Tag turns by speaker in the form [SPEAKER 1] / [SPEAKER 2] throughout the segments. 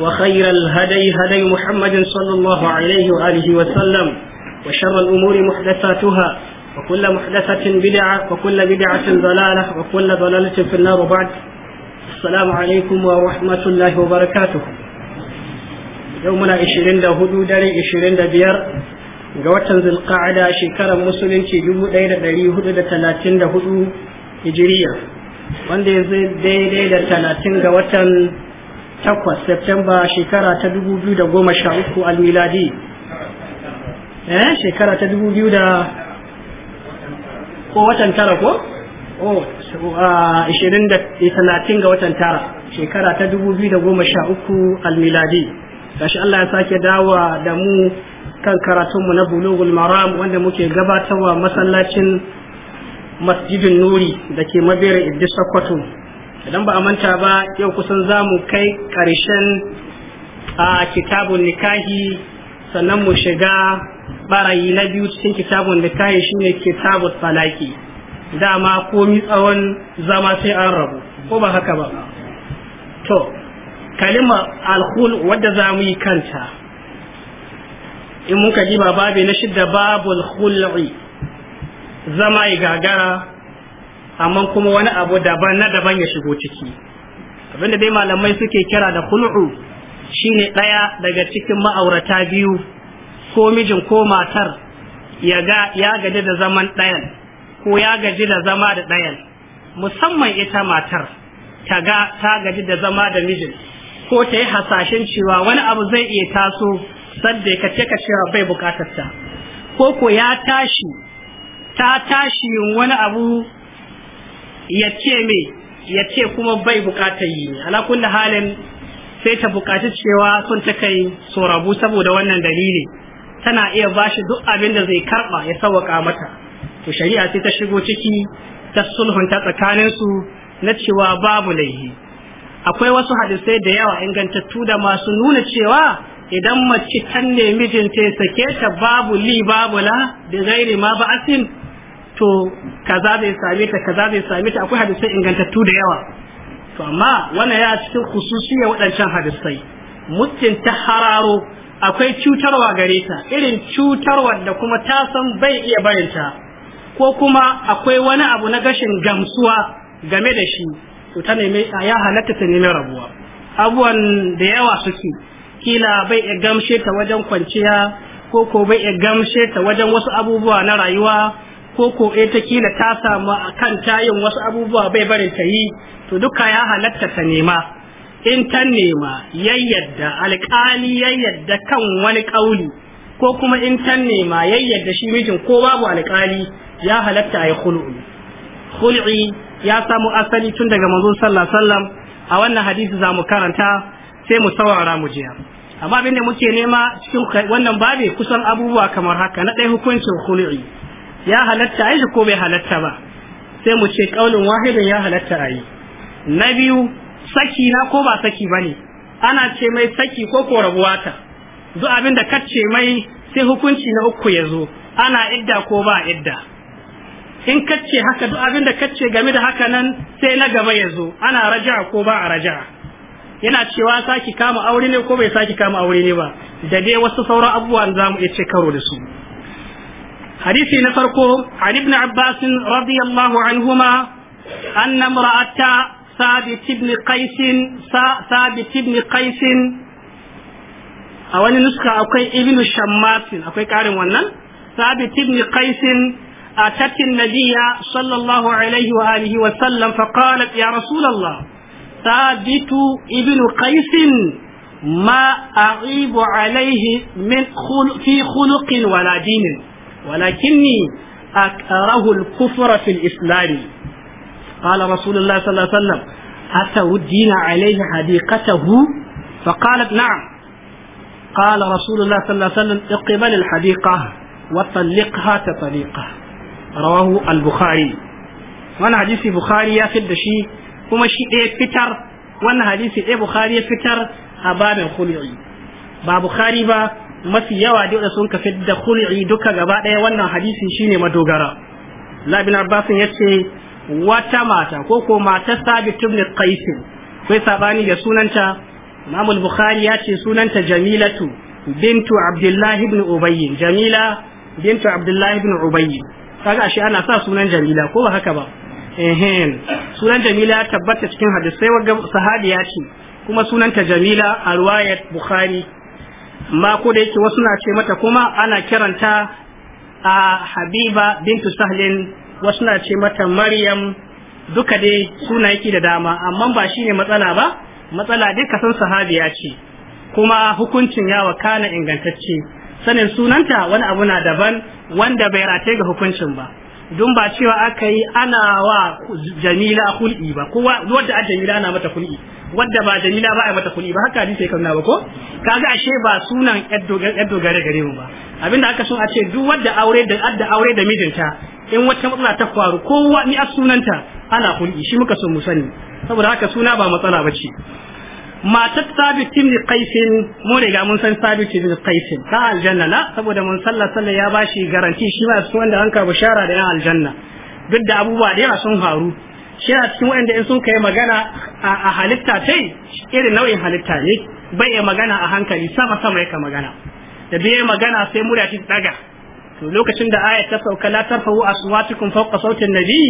[SPEAKER 1] وخير الهدي هدي محمد صلى الله عليه وآله وسلم وشر الأمور محدثاتها وكل محدثة بدعة وكل بدعة ضلالة وكل ضلالة في النار وبعد السلام عليكم ورحمة الله وبركاته يومنا 24 dare 25 ga watan zulqa'ada shekarar musulunci 1434 hijiriya wanda ya zai daidai da 30 ga watan takwas Septemba shekara ta dubu biyu da goma sha uku almiladi eh shekara ta dubu biyu da ko watan tara ko oh ah, da talatin ga watan tara shekara ta dubu biyu da goma sha uku almiladi gashi Allah ya sake dawa da mu kan karatunmu na bulugul maram wanda muke gabatarwa masallacin masjidin nuri da ke mabera iddi sokoto idan ba a manta ba yau kusan za mu kai ƙarshen a kitabun nikahi sannan mu shiga barayi na biyu cikin kitabun nikahi shine kitabun falaki dama komi tsawon zama sai an rabu ko ba haka ba to kalima alkhul wadda za mu yi kanta in muka ji ba babu na shidda babu khul'i zama ya gagara amma kuma wani abu daban na daban ya shigo ciki abinda dai malamai suke kira da khul'u shine ɗaya daga cikin ma'aurata biyu ko mijin ko matar ya ga ya gaji da zaman ɗayan ko ya gaji da zama da ɗayan musamman ita matar ta ga ta gaji da zama da mijin ko ta yi hasashen cewa wani abu zai iya taso sadda ka ce ka cewa bai bukatar ta ko ko ya tashi ta tashi wani abu ya ce me ya ce kuma bai bukatar yi ne ala kulli halin sai ta bukaci cewa sun ta kai saboda wannan dalili tana iya bashi duk abin da zai karba ya sawaka mata to shari'a sai ta shigo ciki ta sulhunta tsakanin su na cewa babu laihi akwai wasu hadisai da yawa ingantattu da masu nuna cewa idan mace kan ne mijinta ya sake ta babu li babu la da gairi ma ba'asin to kaza zai same ta kaza zai same ta akwai hadisai ingantattu da yawa to amma wannan ya cikin khususiyar waɗancan hadisai mutum ta hararo akwai cutarwa gare ta irin cutarwa da kuma ta san bai iya ta ko kuma akwai wani abu na gashin gamsuwa game da shi to ta nemi ya halatta ta nemi rabuwa abubuwan da yawa suke kila bai iya gamshe ta wajen kwanciya ko ko bai iya gamshe ta wajen wasu abubuwa na rayuwa ko ko eh ta kila ta samu kan tayin wasu abubuwa bai barin ta yi to duka ya halatta ta nema in ta nema yayyadda alƙali yayyadda kan wani ƙauli ko kuma in ta nema yayyadda shi mijin ko babu alƙali ya halatta ya khul'u khul'i ya samu asali tun daga manzo sallallahu a wannan hadisi za mu karanta sai mu saurara mu jiya amma abin da muke nema cikin wannan babe kusan abubuwa kamar haka na ɗaya hukuncin khul'i ya halatta a ko bai halatta ba sai mu ce ƙaunin wahidin ya halatta ayi. na biyu saki na ko ba saki ba ne ana ce mai saki ko ko rabuwa ta duk abin da ce mai sai hukunci na uku ya zo ana idda ko ba idda in ce haka duk abin da kace game da haka nan sai na gaba ya zo ana raja ko ba a raja yana cewa saki kama aure ne ko bai saki kama aure ne ba da dai wasu sauran abubuwan za mu iya ce karo da su hadisi na farko an ibn abbas radiyallahu anhuma anna imra'ata sabit ibn qais sabit a wani nuska akwai ibn shammatin akwai karin wannan sabit ibn qais أتت النبي صلى الله عليه وآله وسلم فقالت يا رسول الله ثابت ابن قيس ما أغيب عليه من خلق في خلق ولا دين ولكني أكره الكفر في الإسلام قال رسول الله صلى الله عليه وسلم أتودين عليه حديقته فقالت نعم قال رسول الله صلى الله عليه وسلم اقبل الحديقة وطلقها تطليقة رواه البخاري وانا حديث بخاري يفد شيء كما شيء إيه فتر وانا حديث ايه بخاري فتر أبان الخلعي با بخاري با mafi yawa da sun ka da khul'i duka gaba ɗaya wannan hadisin shine madogara labin abbasin ya ce wata mata ko ko mata sabit ibn qais kai sabani da sunanta imam bukhari ya ce sunanta jamilatu bintu abdullah ibn ubay jamila bintu abdullah ibn ubay kaga shi ana sa sunan jamila ko ba haka ba ehen sunan jamila ya tabbata cikin sai wa sahabi ya ce kuma sunanta jamila a bukhari ma ko da yake wasu na ce mata kuma ana kiranta a habiba bintu sahlin wasu na ce mata maryam duka dai suna yake da dama amma ba shine matsala ba matsala dai ka san sahabiya ce kuma hukuncin ya wakana ingantacce sanin sunanta wani abu na daban wanda bai rataye ga hukuncin ba don ba cewa aka yi ana wa jamila hul'i ba kowa wadda a jamila ana mata hul'i wadda ba jamila ba a mata hul'i ba haka hadisi kan ba ko kaga ashe ba sunan yar gare gare mu ba abinda aka so a ce duk wadda aure da adda aure da mijinta in wata matsala ta faru ko ni a sunanta ana hul'i shi muka so mu sani saboda haka suna ba matsala ba ce. matar sabit ibn qaisin mu riga mun san sabit ibn qaisin ta aljanna na saboda mun salla salla ya bashi garanti shi ba su wanda an ka da yan aljanna duk da abubuwa da yawa sun faru shi a cikin wanda in sun kai magana a halitta tai irin nau'in halitta ne bai ya magana a hankali sama sama yake magana da bai magana sai murya ta daga to lokacin da ayat ta sauka la tarfa'u aswatukum fawqa sautin nabi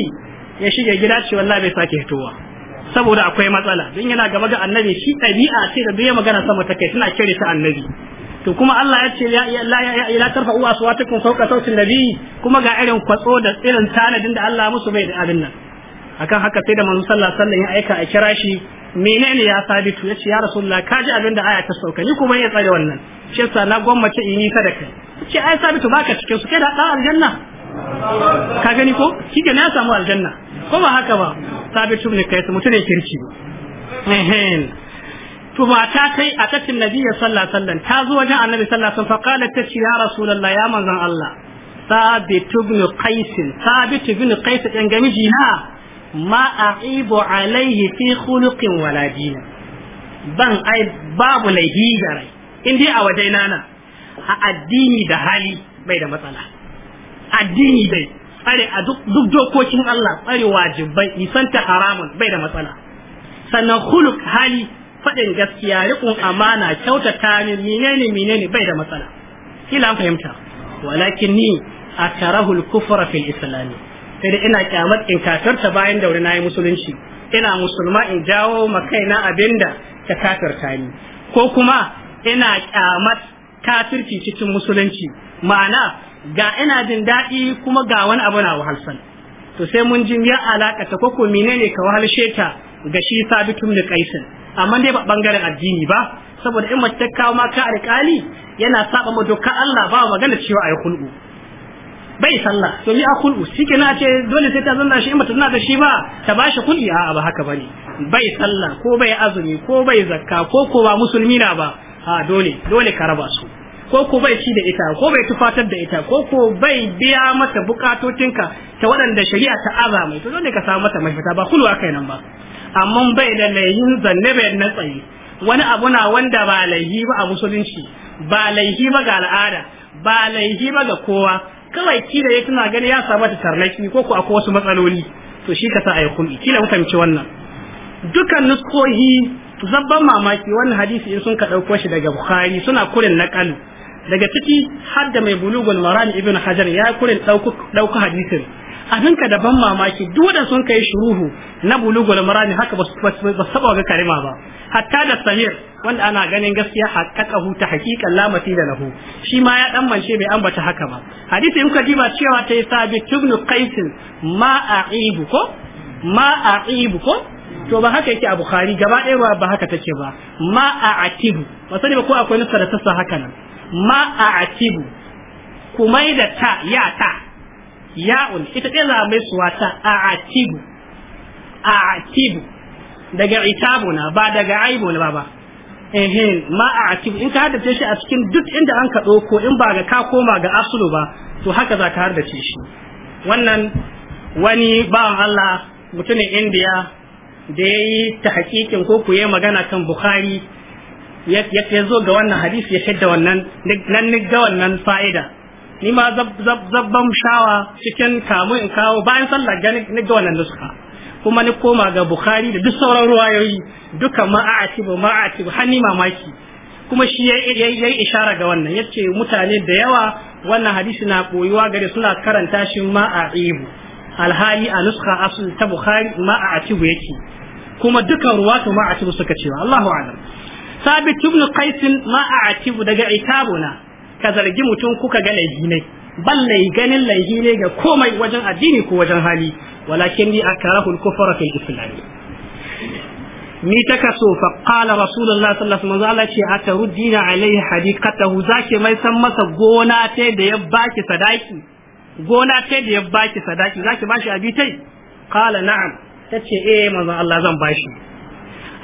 [SPEAKER 1] ya shige gida ce wallahi bai sake fitowa saboda akwai matsala don yana gaba ga annabi shi ɗabi'a ce da duk magana sama ta kai suna kire ta annabi to kuma Allah ya ce ya la tarfa uwa aswatukum sauka sautin nabi kuma ga irin kwatso da irin tanadin da Allah musu bai da abin nan akan haka sai da manzo sallallahu alaihi ya aika a kira shi menene ya sabitu ya ce ya rasulullah ji abin da aya ta sauka ni kuma ya tsare wannan shi yasa na gwammace in yi sadaka ce ai sabitu baka cikin su kai da dan aljanna ka gani ko kike na samu aljanna ko ba haka ba sabitu ne kai su mutune kirki ehem to mata kai a tattin nabi sallallahu ta zo wajen annabi sallallahu alaihi wasallam fa qalat ta ya rasulullah ya Allah sabitu ibn qais sabitu ibn qais dan gamiji na alaihi fi khuluqin wala dinin ban ai babu laifi gare Indi a wajena na a addini da hali bai da matsala addini dai tsare a duk dokokin Allah tsare wajibai nisanta haramun bai da matsala sannan huluk hali faɗin gaskiya riƙon amana kyautata ne menene menene bai da matsala kila an fahimta walakin ni a tarahul kufra fil islami sai ina kyamar in kafirta bayan daure na yi musulunci ina musulma in jawo ma kaina abinda ta kafirta ni ko kuma ina kyamar kafirci cikin musulunci ma'ana ga ina jin daɗi kuma ga wani abu na wahalsan to sai mun jin ya alaka ta koko menene ka wahalshe ta ga shi sabitun da kaisin amma dai ba bangaren addini ba saboda in mace kawo ma ka alƙali yana saba ma doka Allah ba magana cewa ayi kul'u bai sallah to mi a kul'u shike na ce dole sai ta zanna shi in bata zanna da shi ba ta bashi kul'i a'a ba haka bane bai sallah ko bai azumi ko bai zakka ko ko ba musulmi na ba Ha dole dole ka raba su ko ko bai ci da ita ko bai tufatar da ita ko ko bai biya mata bukatotinka ta waɗanda shari'a ta aza mai to dole ka samu mata mafita ba kulwa kai nan ba amma bai da laihin zanne bai na tsaye wani abu na wanda ba laihi ba a musulunci ba laihi ba ga al'ada ba laihi ba ga kowa kawai kila ya tana gani ya samu ta tarnaki ko ko akwai wasu matsaloli to shi ka sa ayi kulli kila mu fahimci wannan dukan nuskohi zabban mamaki wannan hadisi in sun ka ɗauko shi daga bukhari suna kurin na naƙalu daga ciki har da mai bulugul maran ibn hajar ya kurin ɗauka hadisin abin ka da ban mamaki duk da sun kai shuruhu na bulugul maran haka ba su saba ga karima ba hatta da samir wanda ana ganin gaskiya hakka ta hakikan lamati da lahu shi ma ya dan mance bai ambata haka ba hadisi in ka diba cewa ta yi sabi tubnu qaisin ma a'ibu ko ma a'ibu ko to ba haka yake a bukhari gaba ɗaya ba haka take ba ma a atibu ba sani ba ko akwai nasa da tassa haka nan ma a atibu kuma da ta ya ta ya-un, ita ɗaya za mai suwa ta a atibu a atibu daga itabu na ba daga aibu na ba ehe ma a atibu in ka haddace shi a cikin duk inda an ka ko in ba ga ka koma ga asulu ba to haka za ka haddace shi wannan wani bawan Allah mutumin indiya da ya yi ta hakikin ko ku yi magana kan bukhari ya zo ga wannan hadisi ya shadda wannan nan ni ga wannan fa'ida ni ma zabban shawa cikin kamu in kawo bayan sallar ga ni ga wannan nuska kuma ni koma ga bukhari da duk sauran ruwayoyi duka ma'atibu ma'atibu har ni mamaki kuma shi ya yi ishara ga wannan ya ce mutane da yawa wannan hadisi na koyuwa gari suna karanta shi ma'aibu alhali a nuskha asul ta bukhari ma a atibu yake kuma dukan ruwatu ma a atibu suka cewa Allahu a'lam sabit ibn qais ma a atibu daga itabuna ka zargi mutum kuka ga laifi ne balle ganin laifi ne ga komai wajen addini ko wajen hali walakin ni akarahu al-kufra fil islam ni ta kaso fa qala rasulullah sallallahu alaihi wasallam ce a alaihi hadiqatahu zake mai san masa gona ta da ya baki sadaki gona ta da ya baki sadaki zaki bashi abi tai qala na'am tace eh manzon Allah zan bashi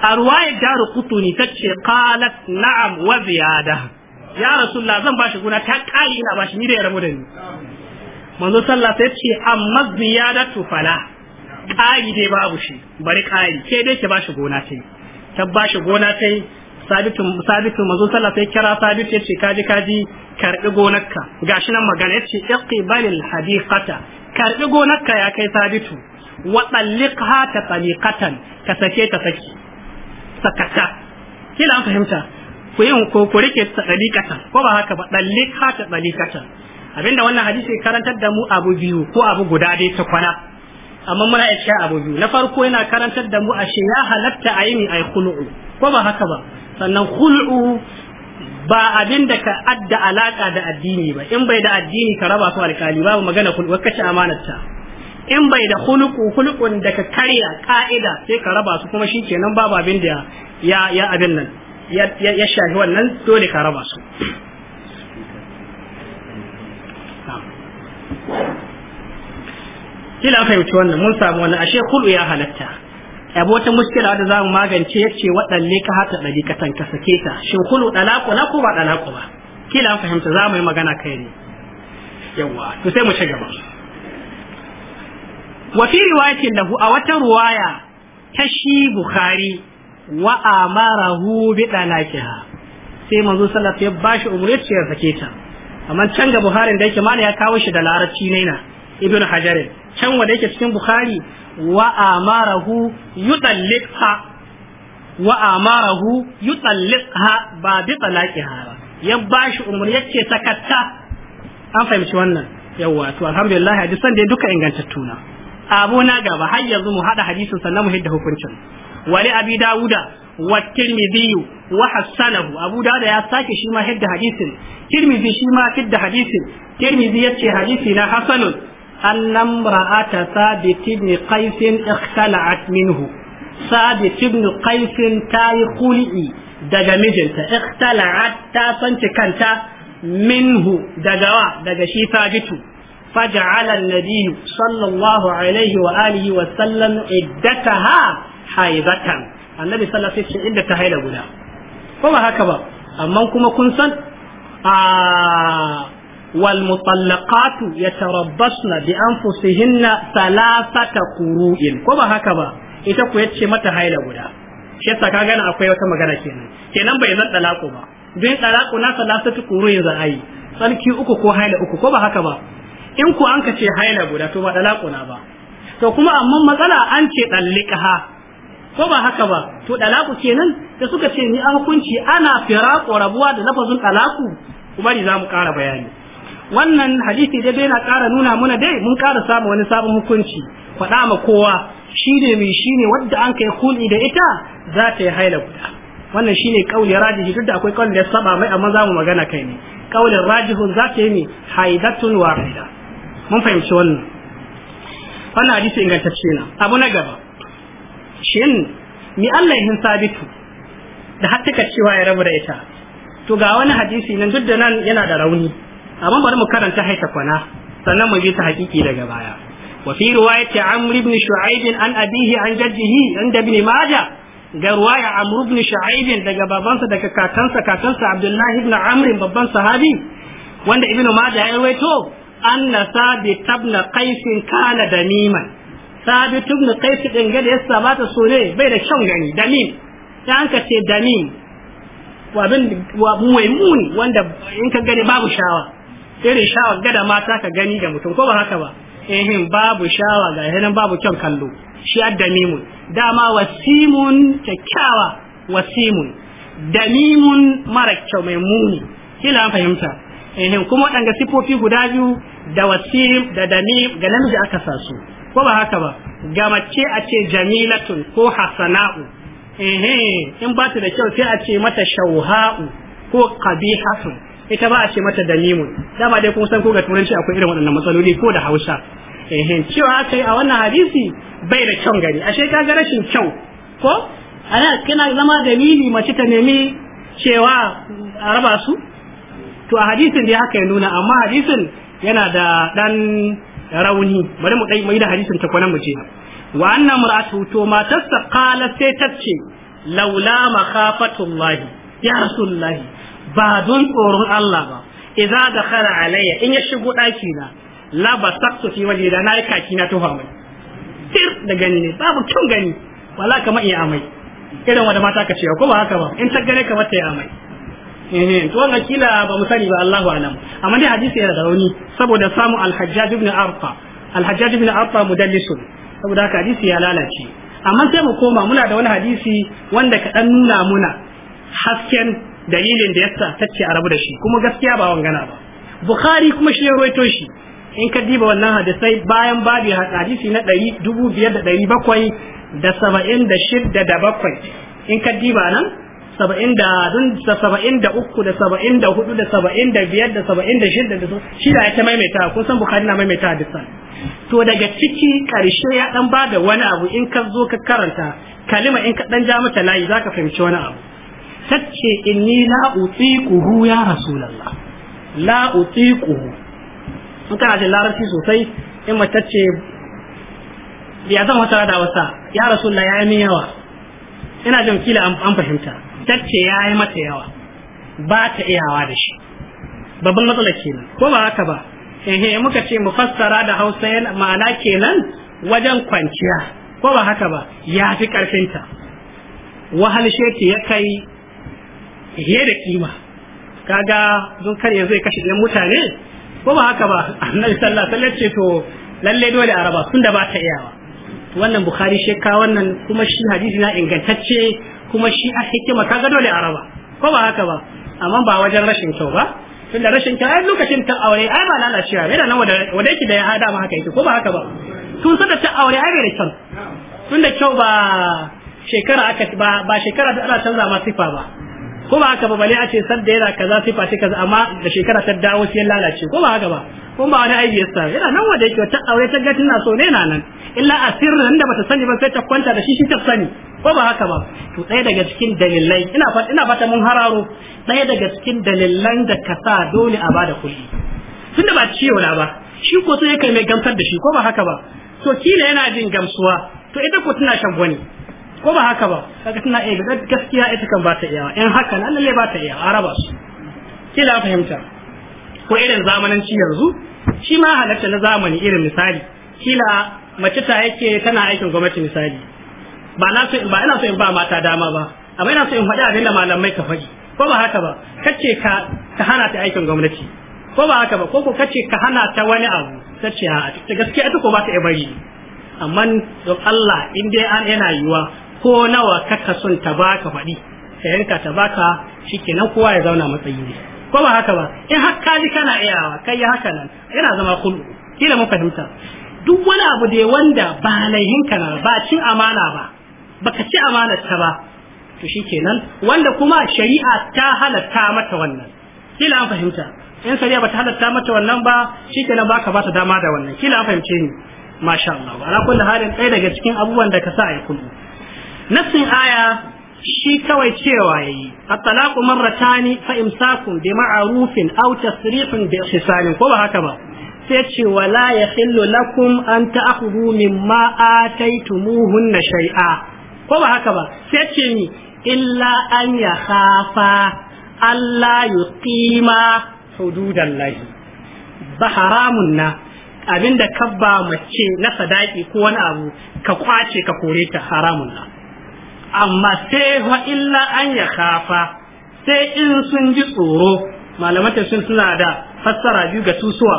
[SPEAKER 1] a ruwayar daru kutuni tace qalat na'am wa ziyada ya rasulullah zan bashi gona ta kali ina bashi ni da ya ramu da ni manzo sallah sai ce amma ziyadatu fala kali dai babu shi bari kari ke dai ki bashi gona tai ta bashi gona tai sabitu sabitu mazo sallah sai kira sabitu yace kaji kaji karbi gonarka gashi nan magana yace iqbalil hadiqata karbi gonarka ya kai sabitu wa talliqha ta taliqatan ka sake ta saki sakata kila an fahimta ku yin ko ku rike taliqatan ko ba haka ba talliqha ta taliqatan abinda wannan hadisi karantar da mu abu biyu ko abu guda dai ta kwana amma muna iya abu biyu na farko yana karantar da mu ashe ya halatta a yi mai ai ko ba haka ba sannan khul'u ba abin da ka adda alaka da addini ba in bai da addini ka raba su alkali babu magana kullu ci amanarta in bai da khuluqu khuluqun da ka karya ka'ida sai ka raba su kuma shi kenan babu abin da ya ya abin nan ya ya shafi wannan dole ka raba su kila fahimci wannan mun samu wannan ashe khulu ya halatta abu wata muskila da za mu magance ya ce waɗanne ka hata ɗari ka sake ta shin kulu dalaku na ko ba dalaku ba kila an fahimta mu yi magana kai ne yawa to sai mu ci gaba wa fi riwayatin lahu a wata ruwaya ta shi bukhari wa amarahu bi ha. sai manzo sallallahu alaihi wasallam ya bashi ya sake ta amma can ga buharin da yake mana ya kawo shi da larabci naina. ibn hajar can wanda yake cikin bukhari wa amarahu yutalliqha wa amarahu yutalliqha ba bi talaqiha ba ya bashi umar yace sakatta an fahimci wannan yawa to alhamdulillah duka ingantattuna. abu na gaba har yanzu mu hada hadisin sannan mu hidda hukuncin wali abi dawuda wa tirmidhi wa hasanahu abu dawuda ya sake shi ma hidda hadisin tirmidhi shi ma hadisin tirmidhi yace hadisi na hasanun أن امرأة ثابت بن قيس اختلعت منه ثابت بن قيس تاي خلئي daga mijinta ikhtala'at ta tsanci kanta minhu daga shi sabitu faj'ala an-nabiy sallallahu alaihi wa alihi wa sallam iddataha haibatan annabi sallallahu alaihi wasallam iddata haida guda ko ba haka ba amma kuma kun san a والمطلقات يتربصن بأنفسهن ثلاثة قروء كما هكذا ita ku yace mata haila guda shi yasa ka gane akwai wata magana kenan kenan bai zan talaku ba bin talaku na salasatu kuruyin za a yi tsarki uku ko haila uku ko ba haka ba in ku an ka ce haila guda to ba talaku na ba to kuma amma matsala an ce dallikaha ko ba haka ba to talaku kenan da suka ce ni an hukunci ana firaqo rabuwa da lafazin talaku kuma ni za mu ƙara bayani wannan hadisi dai na ƙara nuna muna dai mun ƙara samu wani sabon hukunci faɗa ma kowa shi ne mai shi ne wadda an kai kuli da ita za ta yi haila guda wannan shi ne ƙauli rajihi duk da akwai ƙauli da saba mai amma za mu magana kai ne ƙaulin rajihun za ta yi mai haidatun wahida mun fahimci wannan wannan hadisi ingantacce na abu na gaba shin mi Allah yin sabitu da har cewa ya rabu da ita to ga wani hadisi nan duk da nan yana da rauni amma bari mu karanta haita kwana sannan mu bi ta hakiki daga baya wa fi riwayati amr ibn shu'aib an abihi an jaddihi inda ibn majah ga riwaya amr ibn shu'aib daga babansa daga kakansa kakansa abdullah ibn amr babban sahabi wanda ibn majah ya rawaito anna sabit ibn qais kana damiman sabit ibn qais din ga da ya mata sore bai da kyau gani damim dan ka ce damim wa bin wa muwaimun wanda in ka gani babu shawa irin shawar gada mata ka gani ga mutum ko ba haka ba ehin babu shawa ga hinan babu kyan kallo shi addamimun dama wasimun kyakkyawa wasimun damimun mara kyau mai muni kila an fahimta ehin kuma waɗanga sifofi guda biyu da wasim da damim ga namiji aka sasu. su ko ba haka ba ga mace a ce jamilatun ko hasana'u ehin in ba ta da kyau sai a ce mata shauha'u ko qabihatun ita ba a ce mata da nimun dama dai kun san ko ga turanci akwai irin waɗannan matsaloli ko da hausa eh cewa aka yi a wannan hadisi bai da kyau gani ashe ka ga rashin kyau ko ana kina zama dalili mace ta nemi cewa a raba su to a hadisin dai haka ya nuna amma hadisin yana da dan rauni bari mu dai mai da hadisin ta kwanan mu ce wa anna mar'atu to matarsa qalat sai ta ce laula makhafatullahi ya rasulullahi ba don tsoron Allah ba idza dakhala alayya in ya shigo daki na la basaqtu fi wajhi da nayi kaki na tuha mai tir da gani ne babu kyau gani wala kamar iya amai irin wanda mata ka cewa ko ba haka ba in ta gane kamar ta yi amai eh to wannan kila ba mu sani ba Allahu alam amma dai hadisi yana da rauni saboda samu al-Hajjaj ibn Arfa al-Hajjaj ibn Arfa mudallisun saboda haka hadisi ya lalace amma sai mu koma muna da wani hadisi wanda ka dan nuna muna hasken dalilin da yasa tace a rabu da shi kuma gaskiya ba wangana ba bukhari kuma shi ya rawaito shi in ka diba wannan hadisai bayan babu hadisi na ɗari dubu biyar da ɗari bakwai da saba'in da da bakwai in ka diba nan saba'in da 74 da saba'in da uku da saba'in da hudu da saba'in da biyar da saba'in da da shi da ya ta maimaita ko san bukari na maimaita hadisan to daga ciki karshe ya dan bada wani abu in ka zo ka karanta kalima in ka dan ja mata layi zaka fahimci wani abu tace inni la utiquhu ya rasulullah la utiquhu in ka da larabci sosai in mace ce ya zan wata da wasa ya rasulullah ya yi min yawa ina jin kila an fahimta tace ya yi mata yawa ba ta iyawa da shi babban matsala kenan ko ba haka ba ehe muka ce mu fassara da hausa yana ma'ana kenan wajen kwanciya ko ba haka ba ya fi karfinta wahal ta ya kai fiye da kima kaga don kar ya zai kashe ɗan mutane ko ba haka ba annabi sallallahu alaihi wasallam ce to lalle dole a raba tunda ba ta iyawa wannan bukhari shi wannan kuma shi hadisi na ingantacce kuma shi a hikima kaga dole a raba ko ba haka ba amma ba wajen rashin kyau ba tunda rashin kyau ai lokacin ta aure ai ba lalacewa da nan wanda yake da ya hada ma haka yake ko ba haka ba tun sada ta aure ai bai da kyau tunda kyau ba shekara aka ba shekara da ana canza ma sifa ba ko ba haka ba bale a ce sar da yana kaza sifa ce kaza amma da shekara ta dawo sai lalace ko ba haka ba Kun ba wani aiki sa yana nan wanda yake ta aure ta ga na so ne na nan illa asirrin da bata sani ba sai ta kwanta da shi shi ta sani ko ba haka ba to ɗaya daga cikin dalilai ina fata ina fata mun hararo ɗaya daga cikin dalilan da ka sa dole a bada kuɗi tunda ba ciwo na ba shi ko sai kai mai gamsar da shi ko ba haka ba to kila yana jin gamsuwa to ita ko tana shan gwani ko ba haka ba kaga tana iya gaskiya ita kan ba ta iya in haka nan lalle ba ta iya araba su kila fahimta ko irin zamananci yanzu shi ma halatta na zamani irin misali kila mace ta yake tana aikin gwamnati misali ba na so ba ina so in ba mata dama ba amma ina so in faɗi abin da malamai ka faɗi ko ba haka ba kace ka ka hana ta aikin gwamnati ko ba haka ba ko ko kace ka hana ta wani abu kace a gaskiya ita ko ba ta iya bari amma don Allah in dai an yana yiwa ko nawa kaka son ta baka faɗi ka yanka ta baka nan kowa ya zauna matsayi ne ko ba haka ba in har ka ji kana iyawa kai ya haka nan yana zama kullu kila mun fahimta duk wani abu da wanda ba laihin kana ba cin amana ba baka ci amanar ta ba to nan. wanda kuma shari'a ta halatta mata wannan kila an fahimta in shari'a bata halatta mata wannan ba nan baka ba dama da wannan kila an fahimce ni masha Allah ala kullu halin ɗaya daga cikin abubuwan da ka sa a yi kullu nasin aya shi kawai cewa yayi at-talaqu marratani fa imsakun bi ma'rufin aw tasrihun bi ihsan ko ba haka ba sai ce wala yahillu lakum an ta'khudhu mimma ataytumuhunna shay'a ko ba haka ba sai ce ni illa an ya khafa alla yuqima hududallahi ba haramun na abinda kabba mace na sadaki ko wani abu ka kwace ka kore ta haramun na amma sai fa illa an ya kafa sai in sun ji tsoro malaman sun suna da fassara biyu ga tusuwa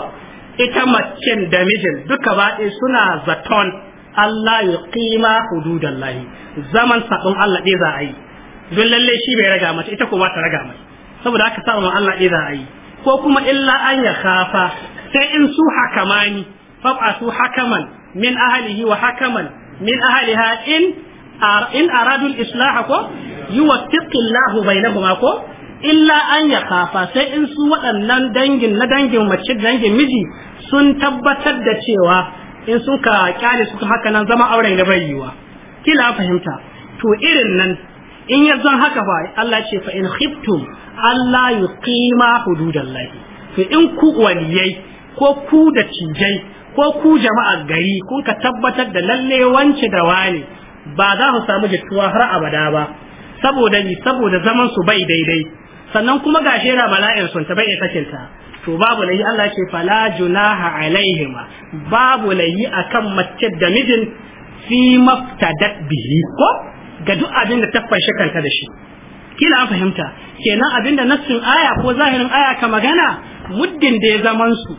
[SPEAKER 1] ita mace da mijin duka ba suna zaton Allah ya kima hududan layi. zaman sabon Allah ɗaya za a yi don lalle shi bai raga mace ita kuma ta raga mai saboda haka wa Allah ɗaya za a yi ko kuma illa an ya kafa sai in su hakamani haka hakaman min ahalihi wa hakaman min ahaliha in in aradul islah ko yuwaffiqu Allah bainahuma ko illa an ya kafa sai in su waɗannan dangin na dangin mace dangin miji sun tabbatar da cewa in sun ka kyale su haka nan zama auren da bai yiwa kila fahimta to irin nan in ya zan haka ba Allah ce fa in khiftum Allah yuqima hududallahi to in ku waliyai ko ku da cijai ko ku jama'a gari kun ka tabbatar da lalle wance da wani ba za su samu jituwa har abada ba saboda ni saboda zaman su bai daidai sannan kuma ga shera bala'in sun ta bai sakin ta to babu lahi Allah ce fala junaha alaihima babu lahi akan mace da mijin fi maftadat bihi ko ga duk abin da ta kanta da shi kila an fahimta kenan abin da nassin aya ko zahirin aya ka magana muddin da ya zaman su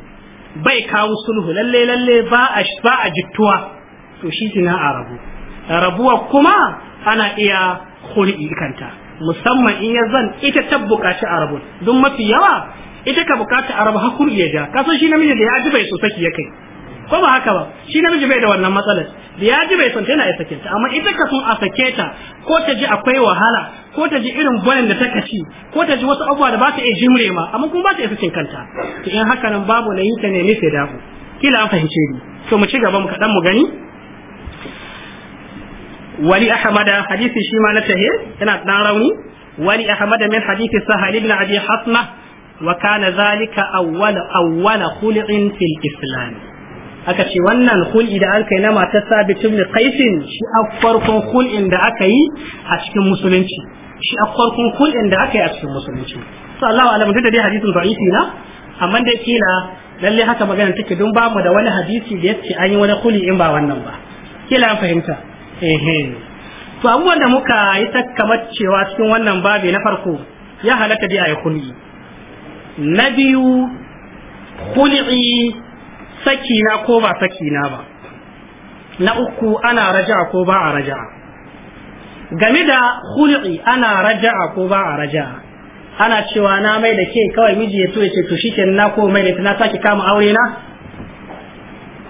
[SPEAKER 1] bai kawo sulhu lalle lalle ba a ba a to shi kina arabu rabuwa kuma ana iya hulɗi kanta musamman in ya zan ita ta buƙaci arabu don mafi yawa ita ka buƙaci arabu har hulɗi ya ja kasan shi namiji da ya ji bai so saki ya kai ko ba haka ba shi namiji bai da wannan matsalar da ya ji bai son tana ya sake amma ita ka sun a sake ta ko ta ji akwai wahala ko ta ji irin gwanin da ta kashi ko ta ji wasu abubuwa da ba ta iya jimre ma amma kuma ba ta iya sakin kanta to in haka nan babu na yi ta nemi sai dafu kila an fahimce ni to mu ci gaba mu kaɗan mu gani wali ahmada hadisi shi ma na tahir yana dan rauni wali ahmada min hadisi sahal ibn abi hasna wa kana zalika awwal awwal khulqin fil islam aka ce wannan khul'i da an kai na matar sabit ibn qaisin shi a farkon khul'in da aka yi a cikin musulunci shi a farkon khul'in da aka yi a cikin musulunci to Allah alamu da dai hadisin da'ifi na amma dai kila lalle haka magana take don ba mu da wani hadisi da yace an yi wani khul'i in ba wannan ba kila an fahimta to abubuwan da muka yi ta kamar cewa cikin wannan babi na farko ya halatta bi a yi kul'i na biyu kul'i sakina ko ba sakina ba na uku ana raja'a ko ba a raja'a game da kul'i ana raja'a ko ba a raja'a ana cewa na mai da ke kawai miji ya so ce to ke na ko mai da na sake kama aure na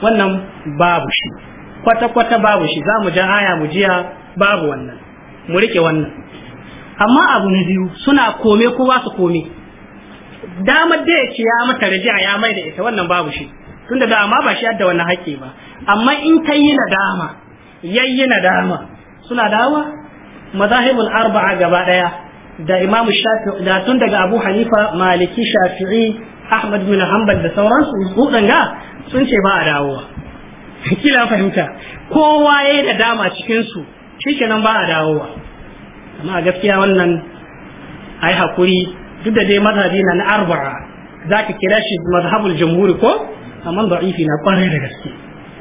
[SPEAKER 1] wannan babu shi kwata-kwata babu shi za mu ja aya mu jiya babu wannan mu rike wannan amma abu na biyu suna kome ko ba su kome damar da ya ce ya mata rajiya ya mai da ita wannan babu shi tunda da amma ba shi yadda wannan haƙƙi ba amma in kai yi nadama yayyi nadama suna dawa mazahibul arba'a gaba daya da imam shafi'i da tun daga abu hanifa maliki shafi'i ahmad bin hanbal da sauransu su danga sun ce ba a dawowa kila fahimta kowa ya yi da dama cikinsu nan ba a dawowa amma a gaskiya wannan ai haƙuri duk da dai mazhabi na na arba'a za ka kira shi mazhabul jamhuri ko amma da'ifi na kwarai da gaske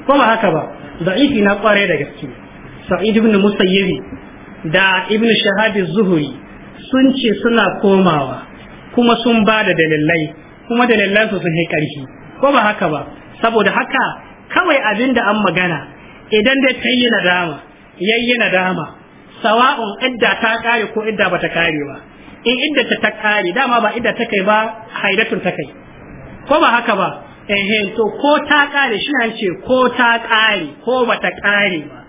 [SPEAKER 1] ko ba haka ba da'ifi na ƙware da gaske sa'id ibn musayyibi da ibn shahabi zuhuri sun ce suna komawa kuma sun ba da dalilai kuma dalilai su sun yi karfi ko ba haka ba saboda haka kawai abin da an magana idan dai ta yi nadama yayi nadama sawa'un idda ta kare ko idda bata kare ba in idda ta ta kare dama ba idda ta kai ba haidatun ta kai ko ba haka ba eh to ko ta kare shi an ce ko ta kare ko bata kare ba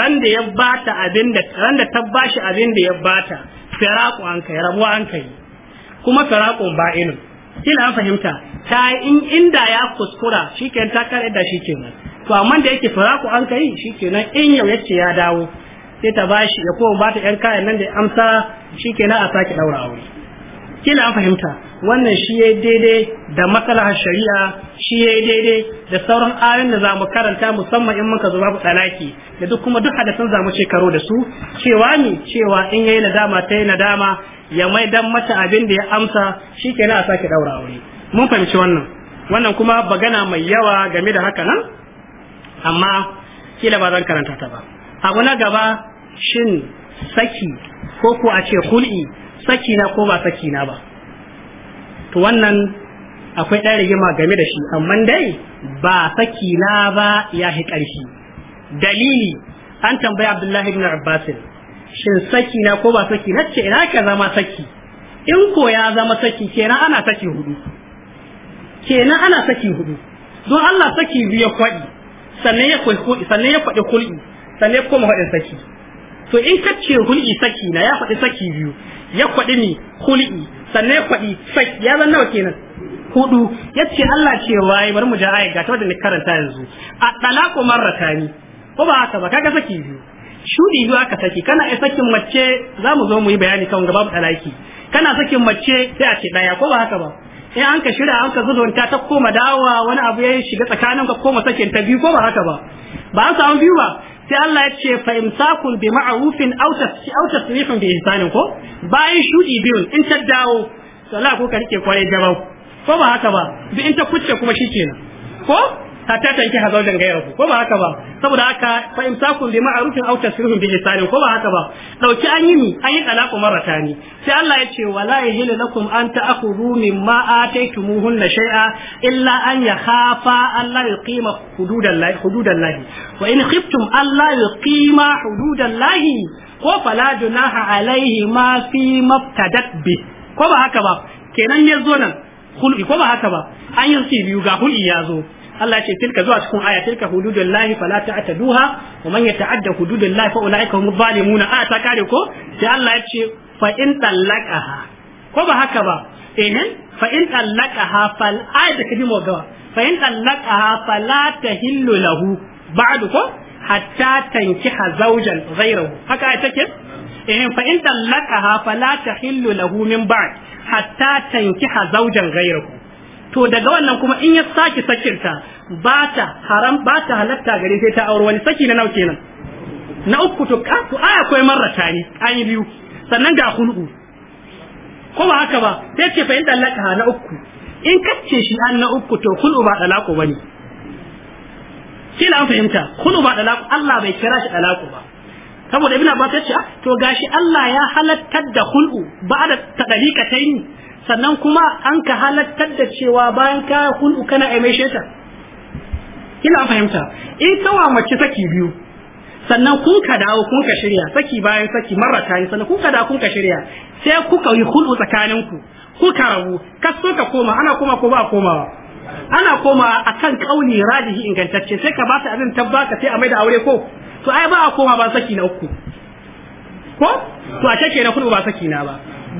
[SPEAKER 1] ran da ya bata abin da ran da ta bashi abin da ya bata firaku an kai rabuwa an kai kuma firakun ba'inu. kila an fahimta ta in inda ya kuskura shikenan ta kare da shikenan to amma da yake fara ku an kai shikenan in yau yace ya dawo sai ta bashi ya ba bata yan kayan nan da amsa shikenan a sake ɗaura aure kila an fahimta wannan shi ya daidai da matsalar shari'a shi ya daidai da sauran ayoyin da zamu karanta musamman in muka zo babu talaki da duk kuma duk hadisan zamu ce karo da su cewa ni cewa in yayi nadama ta yi nadama ya mai dan mata abin da ya amsa shi ke shikenan a sake daura aure mun fahimci wannan wannan kuma bagana mai yawa game da haka nan amma kila ba zan karanta ta ba abu na gaba shin saki ko ko a ce kul'i saki na ko ba saki na ba to wannan akwai ɗan rigima game da shi amma dai ba saki na ba ya fi ƙarfi dalili an tambaya abdullahi ibn abbas shin saki na ko ba saki na ce ina ka zama saki in ko ya zama saki kenan ana saki hudu kenan ana saki hudu don Allah saki biyu kwadi sannan ya kwaɗi sannan ya kwaɗi kulli sannan ya koma hudin saki to in ka ce saki na ya kwadi saki biyu ya kwaɗi ni hul'i sannan ya kwaɗi sai ya zan nawa kenan hudu ya ce Allah ce waye bari mu ja aya ga ta wadda karanta yanzu a ɗalaku marratani ko ba haka ba kaga saki biyu shudi biyu aka saki kana ai sakin mace za mu zo mu yi bayani kan gaba talaki kana sakin mace sai a ce daya ko ba haka ba in an ka shirya an ka zuzunta ta koma dawa wani abu ya shiga tsakanin ka koma sakin ta biyu ko ba haka ba ba an samu biyu ba sai Allah ya ce fa imsakun bi ma'rufin aw tasrihun bi ihsanin ko bayan shudi biyun in ta dawo to Allah ko ka rike kwarai jabau ko ba haka ba bi in ta kucce kuma shikenan ko hatta tanki hazaujan ku. ko ba haka ba saboda haka fa imsakun bi ma'rufin aw tasrihun bi ihsanin ko ba haka ba dauki an yi ni an yi talaqu maratani sai Allah ya ce wala yahilu lakum an ta'khudhu mimma ataytumuhunna shay'a illa an yakhafa alla yuqima hududallahi hududallahi wa in khiftum alla yuqima hududallahi ko fala junaha alayhi ma fi mabtadat bi ko ba haka ba kenan ya zo nan ko ba haka ba an yi biyu ga hul'i ya zo Allah ya ce tilka zuwa cikin aya tilka hududullahi fala ta'taduha wa man yata'adda hududullahi fa ulaika hum zalimuna a ta kare ko sai Allah ya ce fa in tallaqaha ko ba haka ba eh fa in tallaqaha fal ayatu kadimu gawa fa in tallaqaha fala tahillu lahu ba'du ko hatta tankiha zawjan ghayrahu haka ai take eh fa in tallaqaha fala tahillu lahu min ba'd hatta tankiha zawjan ghayrahu to daga wannan kuma in ya saki sakinta ba ta haram ba ta halatta gare sai ta aure wani saki na nauke nan na uku to ka to aya akwai marrata ne an yi biyu sannan ga hulqu ko ba haka ba sai ce fa in dalaka na uku in kace shi an na uku to hulqu ba dalako bane shi an fahimta hulqu ba dalako Allah bai kira shi dalako ba saboda ibn abbas ya ce ah, to gashi Allah ya halatta da hulqu ba da tadalika taini sannan kuma an ka halattar da cewa bayan ka hulɗu kana aimai sheta kina fahimta in tawa mace saki biyu sannan kun ka dawo kun ka shirya saki bayan saki marra ta yi sannan kun ka dawo kun ka shirya sai kuka yi hulɗu tsakaninku kuka rabu ka so ka koma ana koma ko ba komawa ana koma akan ƙauni rajihi ingantacce sai ka ba ta abin tabbata sai a mai da aure ko to ai ba a koma ba saki na uku ko to a take na hulɗu ba saki na ba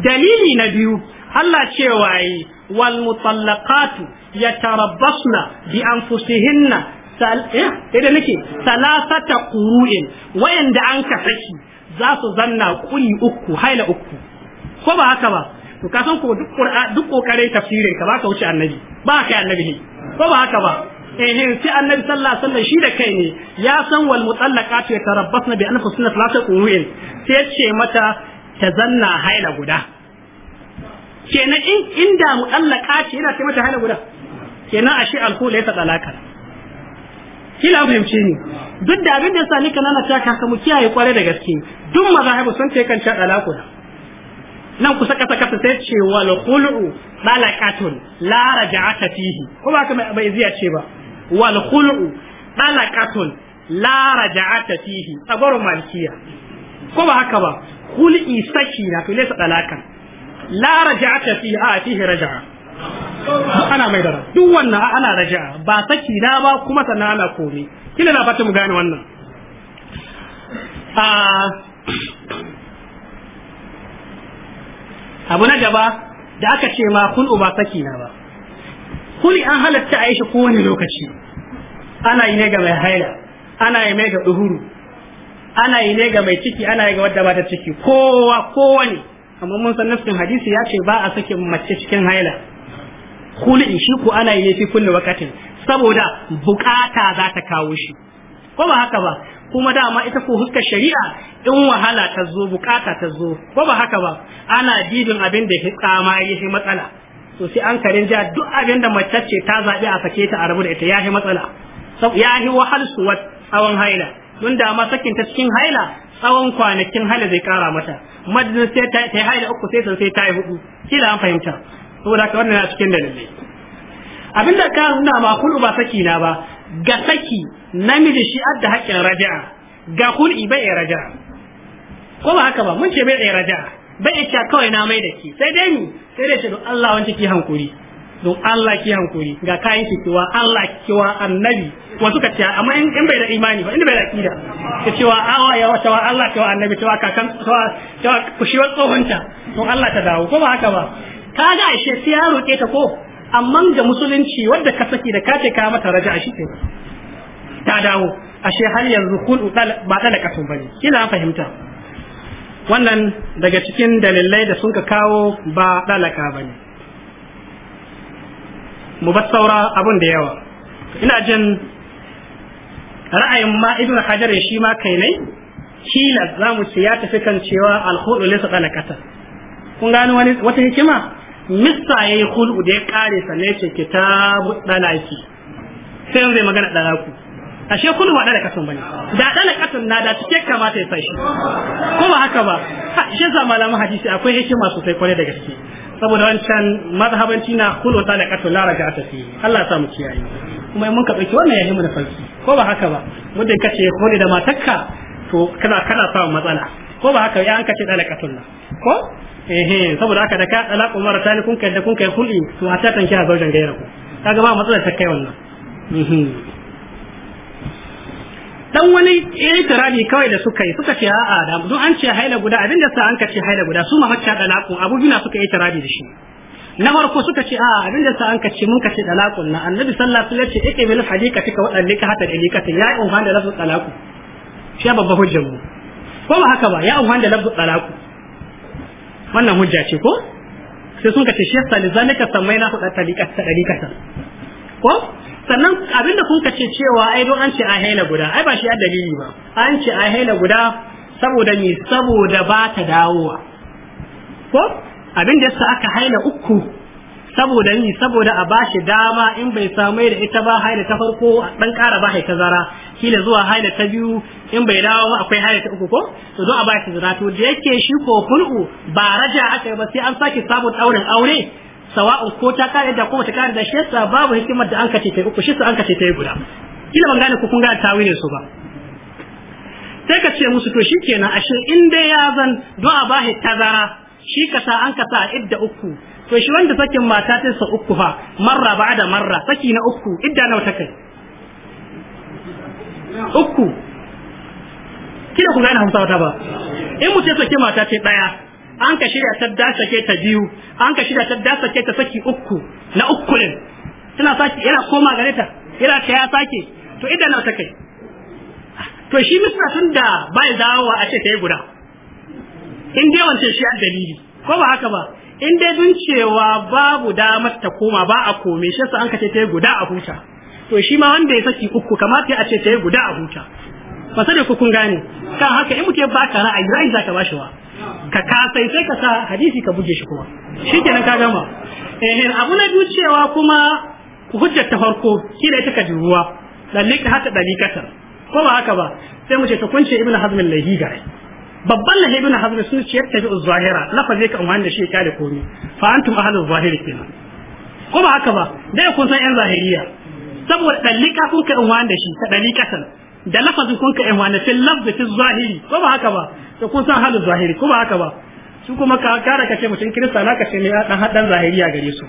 [SPEAKER 1] dalili na biyu Allah ce waye wal mutallaqatu yatarabbasna bi anfusihinna sal eh idan nake salasata qurun wayanda an ka saki za su zanna kuri uku haila uku ko ba haka ba to ka san ko duk qur'an duk kokarin tafsirin ka ba ka wuce annabi ba ka annabi ne ko ba haka ba eh sai annabi sallallahu alaihi wasallam shi da kai ne ya san wal ya yatarabbasna bi anfusihinna salasata qurun sai ce mata ta zanna haila guda kenan in inda mu'allaka ce yana ce mata guda kenan ashe alko laysa talaka kila fahimce ni duk da abin da sani kana na ta kaka mu kiyaye kware da gaske duk mazahibu sun ce kan ta nan kusa kasa kasa sai ce wal khulu talaqatun la raj'ata fihi ko ba ka bai ziya ce ba wal khulu talaqatun la raj'ata fihi a malkiya. ko ba haka ba khul'i saki na to laysa talakan la raja'ata fi a fihi raja'a ana mai dara duk wannan ana raja'a ba saki na ba kuma sannan ana komi kina na fata mu gane wannan abu na gaba da aka ce ma kun uba saki na ba kuli an halatta a yi kowane lokaci ana yi ne ga mai haila ana yi ne ga duhuru ana yi ne ga mai ciki ana yi ga wadda ba ta ciki kowa kowane kamar mun san nafsin hadisi ya ce ba a sake mace cikin haila khul'i shi ko ana yi fi kulli wakatin saboda bukata za ta kawo shi ko ba haka ba kuma dama ita ko huska shari'a in wahala ta zo bukata ta zo ko ba haka ba ana didin abin da ya tsama ya shi matsala to sai an karin ja duk abin da mace ce ta zaɓi a sake ta a rabu da ita ya yi matsala ya shi wahal wa tsawon haila tun da ma sakin ta cikin haila tsawon kwanakin haila zai kara mata madadin sai ta yi haila uku sai sai ta yi hudu kila an fahimta saboda haka wannan na cikin dalilai abinda ka nuna ma kulu ba saki na ba ga saki namiji shi adda haƙƙin raja'a ga kul'i bai raja'a ko ba haka ba mun ce bai raja'a bai ya kawai na mai da ki sai dai mu sai dai shi Allah wanda ki hankuri don Allah ke hankuri ga kayan ki cewa Allah cewa annabi wasu ka ce amma in bai da imani ba in bai da kida ka cewa awa ya wata wa Allah cewa annabi cewa kakan cewa cewa kushewar tsohonta don Allah ta dawo ko ba haka ba ga ashe sai ya roke ta ko amma ga musulunci wadda ka saki da ka ce ka mata a shi ke ta dawo ashe har yanzu kun ba da kaso bane kina fahimta wannan daga cikin dalilai da sun ka kawo ba dalaka bane mu bar saura abun da yawa ina jin ra'ayin ma ibn hajar shi ma kai ne kila za mu ce ya tafi kan cewa alhudu laysa talakata kun gano wani wata hikima mista yayi khulu da ya kare sa ne ce kitabu dalaki sai zai magana dalaku ashe kullu ba dalakatun bane da dalakatun na da cike kamata ya fashi ko haka ba shi sa hadisi akwai hikima sosai kwarai da gaske saboda wancan mazhabanci na ta da katul lara ga tafi Allah ta mu kiyaye kuma mun ka dauki wannan ya mu da farki ko ba haka ba muddin kace ko khuli da matakka to kana kana samun matsala ko ba haka ya an kace dalaka sunna ko eh saboda haka da ka dalaka umar ta kun kai da kun kai khuli to a ta tanki a zaujan gaira ku kaga ba matsala ta kai wannan dan wani itirabi kawai da suka yi suka ce a'a da mu an ce haila guda abin da sa an ka ce haila guda su ma mahacca da laqun abu biyu suka yi itirabi da shi na farko suka ce a'a abin da sa an ka ce mun ka ce da laqun na annabi sallallahu alaihi wasallam ya ce ike bil hadika tika wadanne ka hata dalika ta yayi umman da lafzul talaqu shi babba hujjar mu ko ba haka ba ya umman da lafzul talaqu wannan hujja ce ko sai sun ka ce shi yasa lizalika samaina hudata dalika ta dalika ta ko sannan abinda kuka ce cewa ai don an ce a haila guda ai ba shi a dalili ba an ce a haila guda saboda ni saboda ba ta dawowa ko abin da yasa aka haila uku saboda ni saboda a bashi dama in bai samu da ita ba haila ta farko dan kara ba haila tazara kila zuwa haila ta biyu in bai dawo ba akwai haila ta uku ko to don a bashi tazara to da yake shi ko kul'u ba raja aka yi ba sai an sake samun daurin aure Sawa'u ko ta kare da ko ta kare da shi yasa babu hikimar da an kace kai uku shi an kace kai guda kila ban gane ku kun ga tawilin su ba sai ka ce musu to shikenan ashin in dai ya zan du'a ba hi tazara shi ka sa an ka sa idda uku to shi wanda sakin mata ta sa uku fa marra ba'da marra saki na uku idda nawa ta kai uku kila ku gane hamsa wata ba in mu ce saki mata ce daya an ka shirya ta dace ke ta biyu an ka shirya ta dace ke ta saki uku na uku din tana saki yana koma gare ta yana ta ya sake to idan na ta kai to shi misra tun da bai dawowa a ce ta yi guda in dai wance shi a dalili ko ba haka ba in dai dun cewa babu damar ta koma ba a kome shi sa an ka ce ta yi guda a huta to shi ma wanda ya saki uku kamata a ce ta yi guda a huta ba sai da ku kun gane kan haka in muke ya baka ra'ayi ra'ayi ba bashi wa ka kasai sai ka sa hadisi ka buge shi kuma Shi shikenan ka gama eh abu na biyu cewa kuma hujjar ta farko shi da ita ka ruwa dalika hata dalikatan ko ba haka ba sai mu ce ta kunce ibnu hazm al-lahi gare babban lahi ibnu hazm sun ce yattabi az-zahira lafazi ka umarni da shi ka da komi fa an antum ahlu zahiri kenan ko ba haka ba dai kun san yan zahiriya saboda dalika kun ka umarni da shi ta dalikatan da lafazin kun ka ihwana fil lafzi fil zahiri ko ba haka ba to kun san halin zahiri ko ba haka ba su kuma ka kara kace mutum kirista na kace ne dan hadan a gare su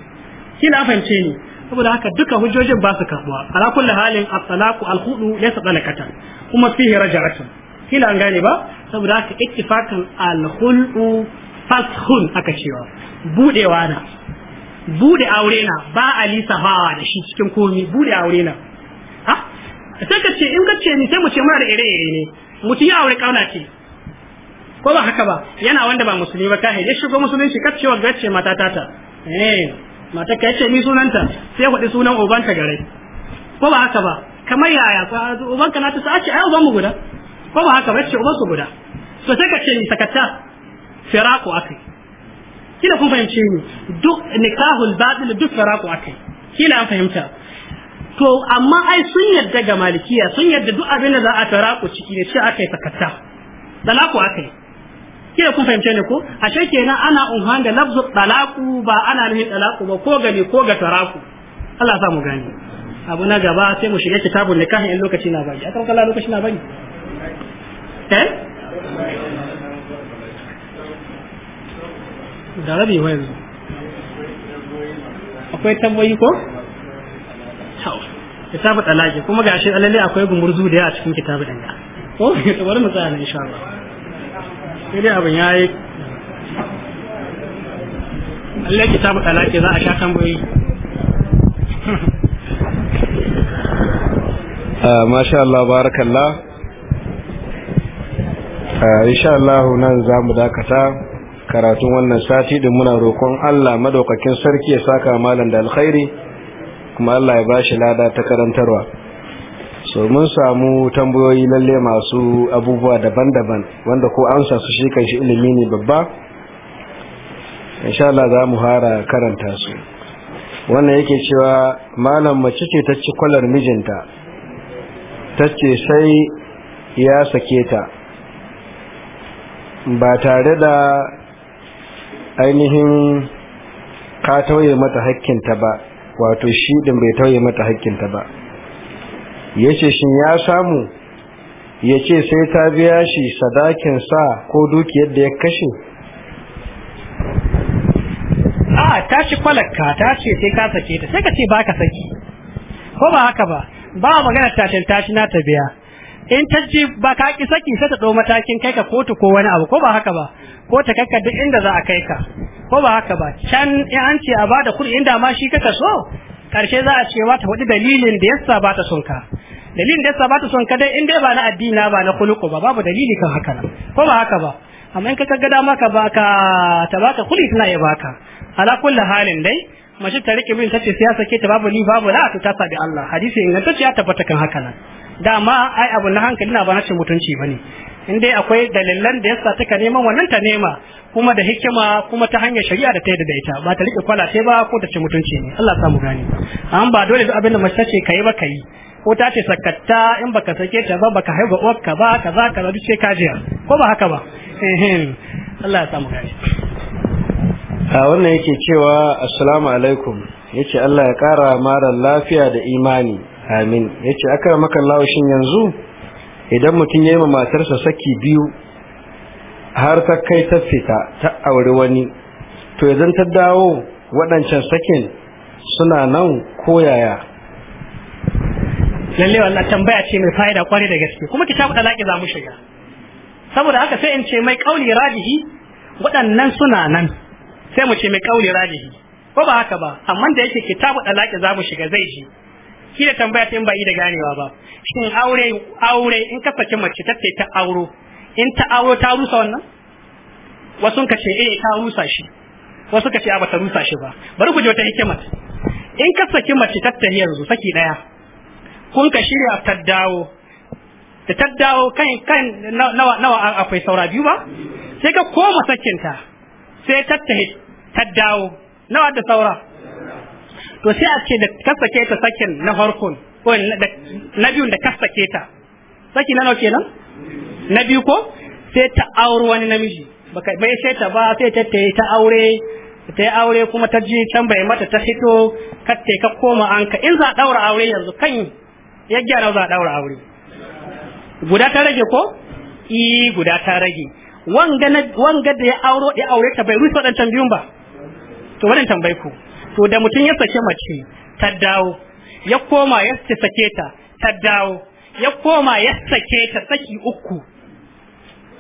[SPEAKER 1] kina fahimce ni saboda haka duka hujjojin ba su karbuwa ala kulli halin at-talaqu al-khudu laysa talaqatan kuma fihi raj'atun kina an gane ba saboda haka ittifaqan al-khulu fathun aka cewa budewa na bude aure na ba a lisafawa da shi cikin komi bude aure na sai ka ce in ka ce ni sai mu ce muna da ire-ire ne mutum ya aure kauna ce ko ba haka ba yana wanda ba musulmi ba kai ya shigo musulunci ka ce wa gace mata tata eh mata ka ce ni sunanta sai faɗi sunan ubanta gare ko ba haka ba kamar yaya fa ubanka na ta sace ai uban mu guda ko ba haka ba ce uban su guda so sai ka ce ni sakata firaku akai kila kun fahimce ni duk nikahul batil duk firaku akai kila an fahimta to amma ai sun yarda ga malikiya sun yarda duk abin da za a tara ku ciki ne sai aka yi takatta dalaku aka yi kina kun fahimce ne ko ashe kenan ana unhan da lafzu dalaku ba ana nufin dalaku ba ko gani ko ga taraku Allah sa mu gani abu na gaba sai mu shiga kitabun nikahi in lokaci na bani akan kallon lokaci na bani eh da rabi wai
[SPEAKER 2] akwai tambayi ko
[SPEAKER 1] kitabu talaki kuma ga shi alalle akwai gumurzu da a cikin kitabu ɗan ko oh, bari mu tsaya insha Allah sai dai abin yayi Allah kitabu talaki za a sha tambayoyi
[SPEAKER 2] ah, masha Allah barakallah ah, insha Allah nan za mu dakata karatun wannan sati din muna roƙon Allah madaukakin sarki ya saka malam da alkhairi kuma Allah ya bashi lada ta karantarwa so mun samu tambayoyi lalle masu abubuwa daban-daban wanda ko amsa su shi kan shi ilimi ne babba insha Allah za mu fara karanta su wannan yake cewa malam mace ce ta ci kwalar mijinta ta ce sai ya sake ta ba tare da ainihin ka tauye mata hakkinta ba wato shi din bai tauye mata hakkinta ba yace shin ya samu yace sai ta biya shi sadakin sa ko dukiyar da ya kashe
[SPEAKER 1] a ta ci kwalakka ta ce sai ka sake ta sai ka ce baka saki ko ba haka ba ba magana tashin tashi na ta biya in ta ce ba ka ki saki sai ta ɗau matakin kai ka kotu ko wani abu ko ba haka ba ko ta kakka duk inda za a kai ka ko ba haka ba can in an ce a bada kuɗi inda ma shi kaka so karshe za a ce ma ta faɗi dalilin da yasa ba ta son ka dalilin da yasa ba ta son ka dai in dai ba na addini ba na kuluku ba babu dalili kan haka nan ko ba haka ba amma in ka ga dama ka baka ta baka kuɗi tana ya baka ala kullu halin dai mace ta rike bin tace sai ya sake ta babu ni babu la ta ta da Allah hadisi ce ya tabbata kan haka nan dama ai abu na hankali na ba na cin mutunci bane in dai akwai dalilan da yasa taka neman wannan ta nema kuma da hikima kuma ta hanyar shari'a da ta yi da ita ba ta rike kwala sai ba ko ta ce mutunci ne Allah samu gani an ba dole duk abin da mace ce kai ba kai ko ta ce sakatta in baka sake ta ba baka haifa uwarka ba kaza kaza duk sai ka jiya ko ba haka ba Allah ya samu gani
[SPEAKER 2] a wannan yake cewa assalamu alaikum yace Allah ya kara mara lafiya da imani amin yace aka maka Allah shin yanzu idan mutum ya yi matarsa saki biyu har ta kai ta fita ta auri wani to idan ta dawo waɗancan sakin suna nan koyaya lalle wannan tambaya ce mai fa'ida kwarai da gaske kuma kitabu talaqi
[SPEAKER 1] za mu shiga saboda haka sai in ce mai kauli rajihi waɗannan suna nan sai mu ce mai kauli rajihi ko ba haka ba amma da yake kitabu talaqi za mu shiga zai ji shi da tambaya ta in ba yi da ganewa ba shin aure aure in ka saki mace ta ta auro in ta awo ta rusa wannan wasu ka ce eh ta rusa shi wasu ka ce a ah, bata rusa shi ba bari ku ji wata hikimar in ka saki mace tattahi yanzu saki daya kun ka shirya ta dawo da ta dawo kan kan nawa nawa akwai saura biyu ba sai ka koma sakinta sai tattahi ta dawo nawa da saura to sai a ce da ka sake ta sakin na farkon ko na biyun da ka sake ta saki na nawa kenan na biyu ko sai ta auri wani namiji baka bai sai ta ba sai ta ta ta aure ta aure kuma ta ji can bai mata ta fito katte ka koma an ka in za daura aure yanzu kan ya gyara za daura aure guda ta rage ko i guda ta rage wanga na wanga da ya auro ya aure ta bai rufe wadancan biyun ba to wannan tambayi ku to da mutum ya sake mace ta dawo ya koma ya sake ta ta dawo ya koma ya sake ta saki uku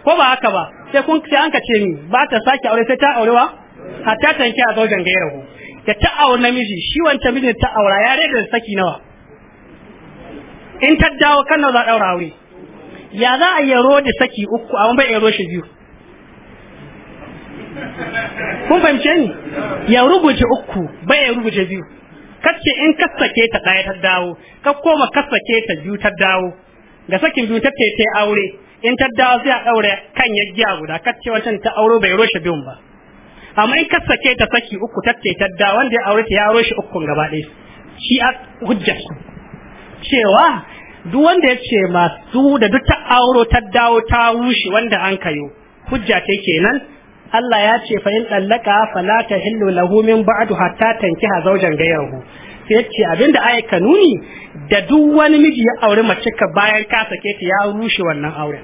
[SPEAKER 1] ko ba haka ba sai kun sai an kace ni ba ta sake aure sai ta aurewa hatta ta yanke a zaujan gairahu da ta aure namiji shi wancan mijin ta aura ya rage saki nawa in ta dawo kan nawa za daura aure ya za a yi rode saki uku amma bai yaro shi biyu kun fahimce ni ya rubuce uku bai ya rubuce biyu kace in kasake ta daya ta dawo ka koma kasake ta biyu ta dawo ga sakin biyu tatta ta aure in ta dawo sai a daure kan ya giya guda kacce wancan ta aure bai roshe biyun ba amma in ka sake ta saki uku tattai ta dawo wanda ya aure ta ya roshe ukun gaba ɗaya shi a hujjar cewa duk wanda ya ce masu da duk ta auro ta dawo ta rushe wanda an kayo hujja ta kenan Allah ya ce fa in dallaka fala hillu lahu min ba'du hatta tankiha zawjan ghayrahu sai ce abinda ayyuka nuni da duk wani miji ya aure mace ka bayan ka sake ta ya rushe wannan auren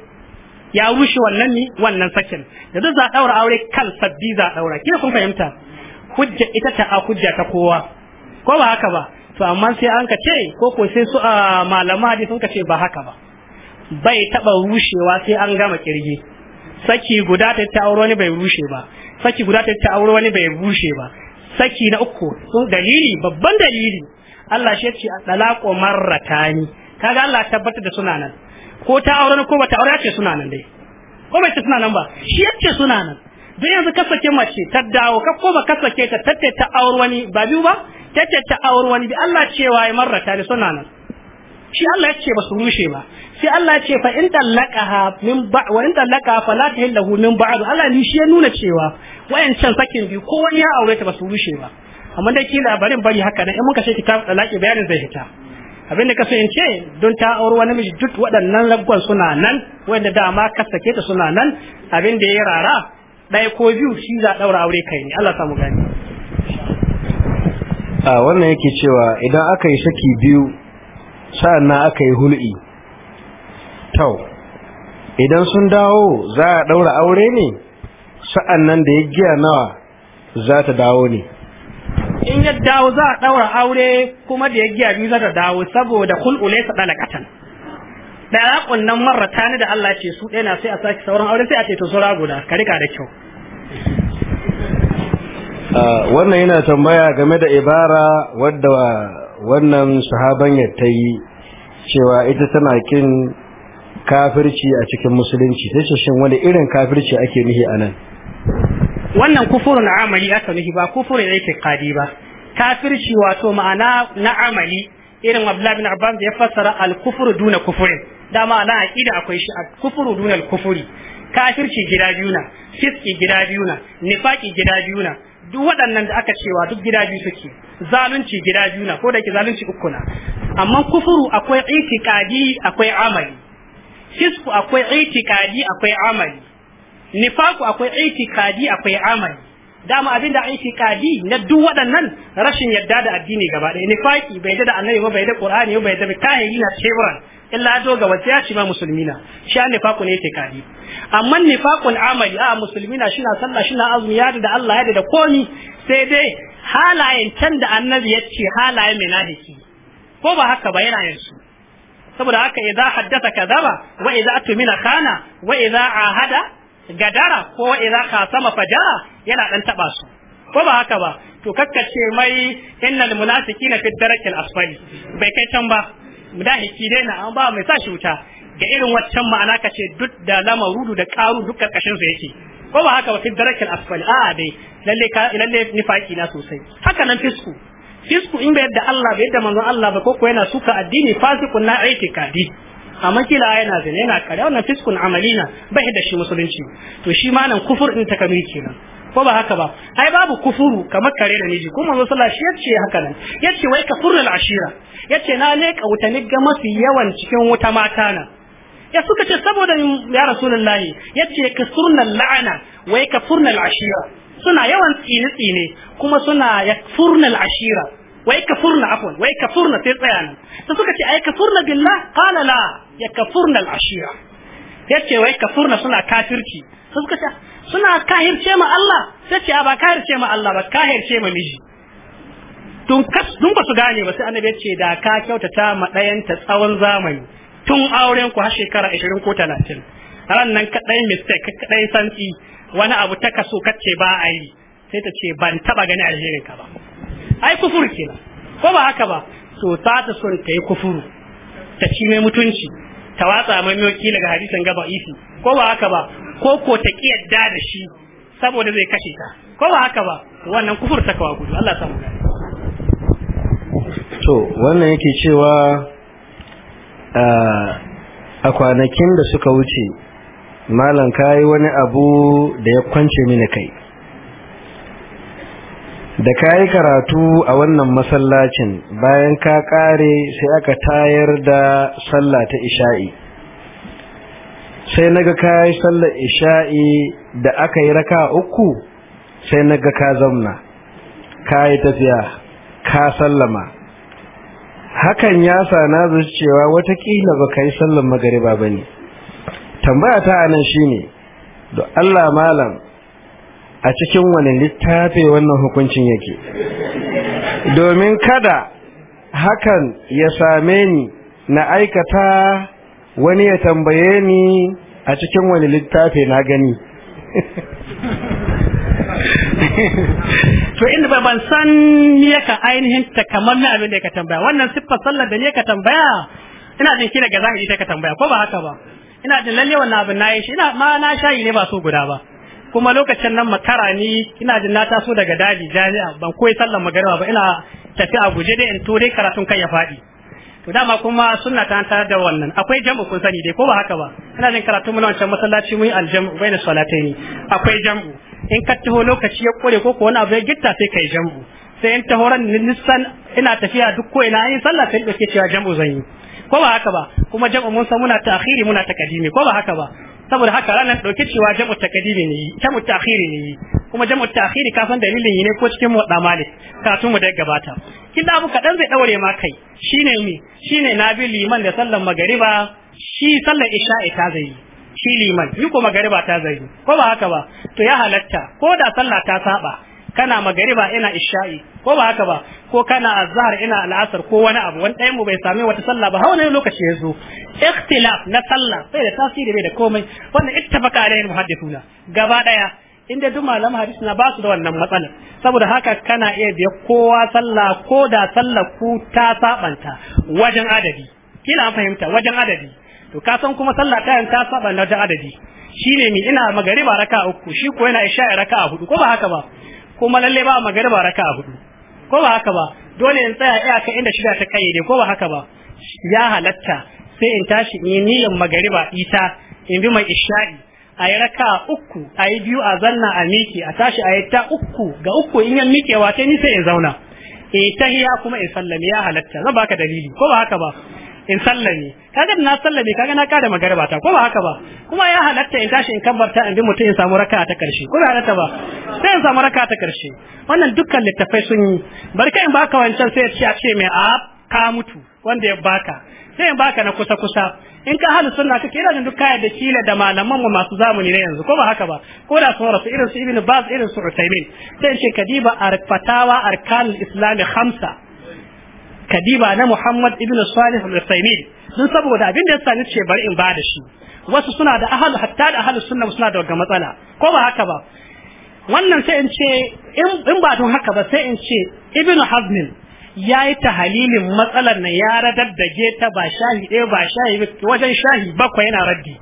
[SPEAKER 1] ya rushe wannan ni wannan sakin da duk za a daura aure kan sabbi za a daura kina kun fahimta hujja ita ta a hujja ta kowa ko ba haka ba to amma sai an ka ce ko ko sai su a ah, malama hadisi sun ka ce ba haka ba bai taba rushewa sai an gama kirge saki guda ta ta aure wani bai rushe ba saki guda ta ta aure wani bai rushe ba saki na uku sun dalili babban dalili Allah shi ce dalaqo marratani kaga Allah tabbatar da suna nan ko ta aure ko bata aure ce suna nan dai ko bai ce suna nan ba shi yace suna nan dan yanzu ka sake mace ta dawo ka ko ka sake ta tatte ta aure wani ba biyu ba tatte ta aure wani bi Allah cewa ya marratani suna nan shi Allah yace ba su rushe ba sai Allah ce fa in tallaqaha min ba wa in tallaqa fa la tahillahu min ba'd Allah ni shi ya nuna cewa wayancan sakin biyu ko wani ya aure ta ba su rushe ba amma dai kila barin bari haka dan in muka ce kitab talaki bayanin zai hita abin da kasan ce don ta auri wani miji duk waɗannan raggon suna nan wanda dama ka sake ta suna nan abin da ya rara ɗaya ko biyu shi za ɗaura aure kai ne Allah samu gani
[SPEAKER 2] a wannan yake cewa idan aka yi saki biyu sa'an nan aka yi hul'i tau idan sun dawo za a ɗaura aure ne sa'an nan da ya giya nawa za ta dawo ne
[SPEAKER 1] in ya dawo za a ɗaura aure kuma da ya giya biyu za ta dawo saboda kul'u laysa da alaƙon nan ta ni da Allah ce su ɗaya na sai a sake sauran aure sai a ce to sura guda ka da kyau
[SPEAKER 2] ah, wannan yana tambaya game da ibara wadda wannan sahaban ya ta yi cewa ita tana kin kafirci a cikin musulunci sai shin wani irin kafirci ake nihi a nan
[SPEAKER 1] wannan kufurin amali aka nufi ba kufurin kadi ba kafirci wato ma'ana na amali irin Abdullah bin da ya fassara al-kufru duna kufrin dama ana aqida akwai shi al kufuru duna al kafirci gida biyu na fiski gida biyu na nifaki gida biyu na duk waɗannan da aka cewa duk gida biyu suke zalunci gida biyu na ko da ke zalunci uku na amma kufuru akwai itiqadi akwai amali fisku akwai itiqadi akwai amali nifaku akwai aiki aitikadi akwai amali dama abin da kadi na duk waɗannan rashin yadda da addini gaba ɗaya nifaki bai yadda da annabi ba bai yadda qur'ani ba bai da kahiri na shebran illa do ga wata shi ba musulmina shi an nifaku ne kadi. amma nifakun amali a musulmina shi na sallah shi na azumi ya da Allah ya da komi sai dai halayen can da annabi ya ce halayen mai nahiki ko ba haka ba yana yanzu saboda haka idza haddatha kadaba wa idza atmina kana wa idza ahada gadara ko idza sama fajara yana dan taba su ko ba haka ba to kakkace mai innal munafiqina fi darakil asfali bai kai can ba mudahiki dai na an ba mai sa shi wuta ga irin waccan ma'ana kace duk da lamarudu da karu duk karkashin sa yake ko ba haka ba fi darakil asfali a dai lalle ka lalle nifaki na sosai haka nan fisku fisku in bai yadda Allah bai yadda manzon Allah ba ko ko yana suka addini fasikun na kadi. amma kila yana zane yana kare wannan fiskun amalina bai da shi musulunci to shi ma nan kufur din takamiri kenan ko ba haka ba ai babu kufuru kamar kare da miji kuma manzo sallallahu alaihi wasallam yace haka nan yace wai kafurul ashira yace na leka wuta ni ga mafi yawan cikin wuta mata na ya suka ce saboda ya rasulullahi yace kasurnal la'ana wai kafurnal ashira suna yawan tsine tsine kuma suna yakfurnal ashira wai kafurna afwan wai kafurna sai tsaya nan sai suka ce ai kafurna billah kala la ya kafurna al-ashira yace wai kafurna suna kafirci sai suka ce suna kahirce ma Allah sai ce ba kahirce ma Allah ba kahirce ma miji tun kas dun ba su gane ba sai annabi ya ce da ka kyautata ma ɗayan ta tsawon zamani tun auren ku har shekara 20 ko 30 ran nan kadai mistake kadai santi wani abu ta kaso kace ba a sai ta ce ban taba gani alherin ka ba ai kufur kenan ko ba haka ba to ta ta son ta yi kufuru ta ci mai mutunci ta watsa mai miyoki daga hadisin gaba isi ko ba haka ba ko ko ta ki yadda da shi saboda zai kashe ta ko ba haka ba wannan kufur ta kawa gudu Allah samu
[SPEAKER 2] to wannan yake cewa a kwanakin da suka wuce malam kai wani abu da ya kwance mini kai da ka yi karatu a wannan masallacin bayan ka kare sai aka tayar da sallah ta isha'i sai naga yi sallar isha'i da aka yi raka uku sai naga ka zamna yi tafiya ka sallama hakan ya sa na cewa watakila ba ka yi sallar magariba ba ne tambaya ta anan shine da allah malam a cikin wani littafi wannan hukuncin yake domin kada hakan ya same ni na aikata wani ya tambaye ni a cikin wani littafi na gani
[SPEAKER 1] to inda ban san yaka ainihin ta kamar na abin da ka tambaya wannan siffar sallar da ya ka tambaya ina jin kira ga yi ta ka tambaya ko ba haka ba ina jin lalle wannan abin na yi shi ina ma na shayi ne ba so guda ba kuma lokacin nan makara ni ina jin na taso daga daji jami'a ban koyi sallar magariba ba ina tafi a guje da in to dai karatun kai ya faɗi to dama kuma sunna ta tantar da wannan akwai jam'u kun sani dai ko ba haka ba ina jin karatun mu na wancan masallaci mun aljam'u bayna salataini akwai jam'u in ka taho lokaci ya kore ko ko wani abu ya gitta sai kai jam'u sai in tahoran nisan ina tafiya duk ko ina yin sallah sai dauke cewa jam'u zan yi ko ba haka ba kuma jam'u mun san muna ta'khiri muna takadimi ko ba haka ba saboda haka ranar dauke cewa jamu kadiri ne jamu ta'khiri ne kuma jamu ta'khiri ka san dalilin ne ko cikin mu damale karatu mu da gabata da abu dan zai daure ma kai shine mi shine nabi liman da sallar magariba shi sallar isha'i ta zai shi liman yi ko magariba ta zai ko ba haka ba to ya halatta ko da sallah ta saba kana magariba ina isha'i ko ba haka ba ko kana azhar ina al'asar ko wani abu wani ɗayan mu bai same wata sallah ba har wani lokaci ya zo ikhtilaf na sallah sai da tasiri bai da komai wannan ittafaqa alaihi muhaddithuna gaba daya inda duk malam hadisi na ba su da wannan matsalar saboda haka kana iya biya kowa sallah ko da sallah ku ta sabanta wajen adadi kila fahimta wajen adadi to ka san kuma sallah ta ta wajen adadi shine mi ina magariba raka'a uku shi ko yana isha'i raka'a hudu ko ba haka ba kuma lalle ba magariba raka a hudu ko ba haka ba dole in tsaya iyaka inda shida ta ne ko ba haka ba ya halatta sai in tashi in yi niyyar magariba ita in bi mai isha'i a yi raka uku a yi biyu a zanna a miki a tashi a yi ta uku ga uku in yan mikewa sai ni sai in zauna in eh, tahiya kuma in sallami ya halatta zan baka dalili ko ba haka ba in sallame kaga na sallame kaga na kada magariba ta ko ba haka ba kuma ya halatta in tashi in kabbarta in bi mutum in samu raka'a ta karshe ko ba halatta ba sai in samu raka'a ta karshe wannan dukkan littafai sun yi barka in baka wancan sai ya ce a ce mai a ka mutu wanda ya baka sai in baka na kusa kusa in ka hali sunna kake ina jin duk da kila da malaman mu masu zamani ne yanzu ko ba haka ba ko da sun rasu irin su ibnu baz irin su utaymin sai in ce kadiba arfatawa arkanul islami khamsa kadiba na Muhammad ibn Salih al-Uthaymeen don saboda abin da ya sani ce bari in bada shi wasu suna da ahalu hatta da ahalu sunna suna da wata matsala ko ba haka ba wannan sai in ce in ba don haka ba sai in ce ibn Hazm ya yi tahalilin matsalar na ya radar ta geta ba shahi ɗaya ba shahi wajen shahi bakwai yana raddi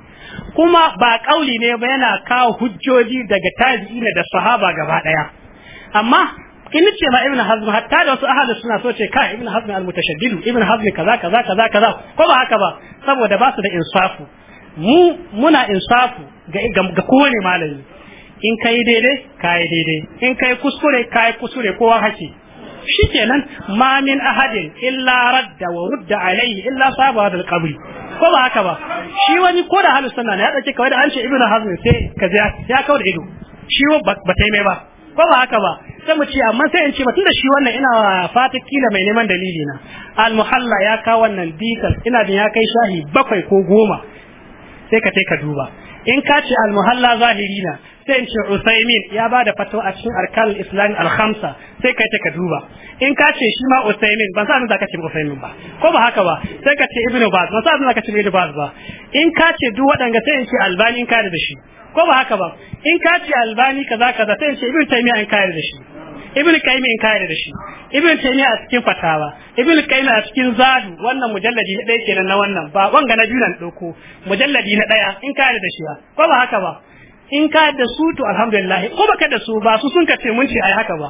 [SPEAKER 1] kuma ba kauli ne ba yana kawo hujjoji daga tabi'ina da sahaba gaba ɗaya amma in ce ma ibn hazm hatta da wasu ahadu suna so ce kai ibn hazm al-mutashaddid ibn hazm kaza kaza kaza kaza ko ba haka ba saboda ba su da insafu mu muna insafu ga ga kowane malami in kai daidai kai daidai in kai kuskure kai kuskure kowa haki shikenan ma min ahadin illa radda wa rudda alayhi illa sabu hadal qabri ko ba haka ba shi wani ko da halu sunna ne ya dace kawai da an ce ibn hazm sai kaza ya kawo da ido shi ba ta yi mai ba ko ba haka ba sai mu ce amma sai in ce tunda shi wannan ina fata kila mai neman dalili na al muhalla ya ka wannan dikal ina da ya kai shahi bakwai ko goma sai ka kai ka duba in ka ce al muhalla zahiri na sai in ce Usaimin ya ba da fatawa a cikin arkan Islam al-khamsa sai kai ta ka duba in ka ce shi ma Usaimin ban san zaka ce Usaimin ba ko ba haka ba sai ka ce Ibn Baz ban san zaka ce Ibn Baz ba in ka ce duk waɗanga sai in ce Albani in ka da shi ko ba haka ba in ka ce Albani kaza kaza sai in ce Ibn Taymiyyah in ka da shi Ibn Qayyim in ka da shi Ibn Taymiyyah a cikin fatawa Ibn Qayyim a cikin Zadu wannan mujalladi na ɗaya kenan na wannan ba wanga na biyu nan ɗauko mujalladi na ɗaya in ka da shi ba ko ba haka ba in ka da su to alhamdulillah ko baka da su ba su sun kace mun ce ai haka ba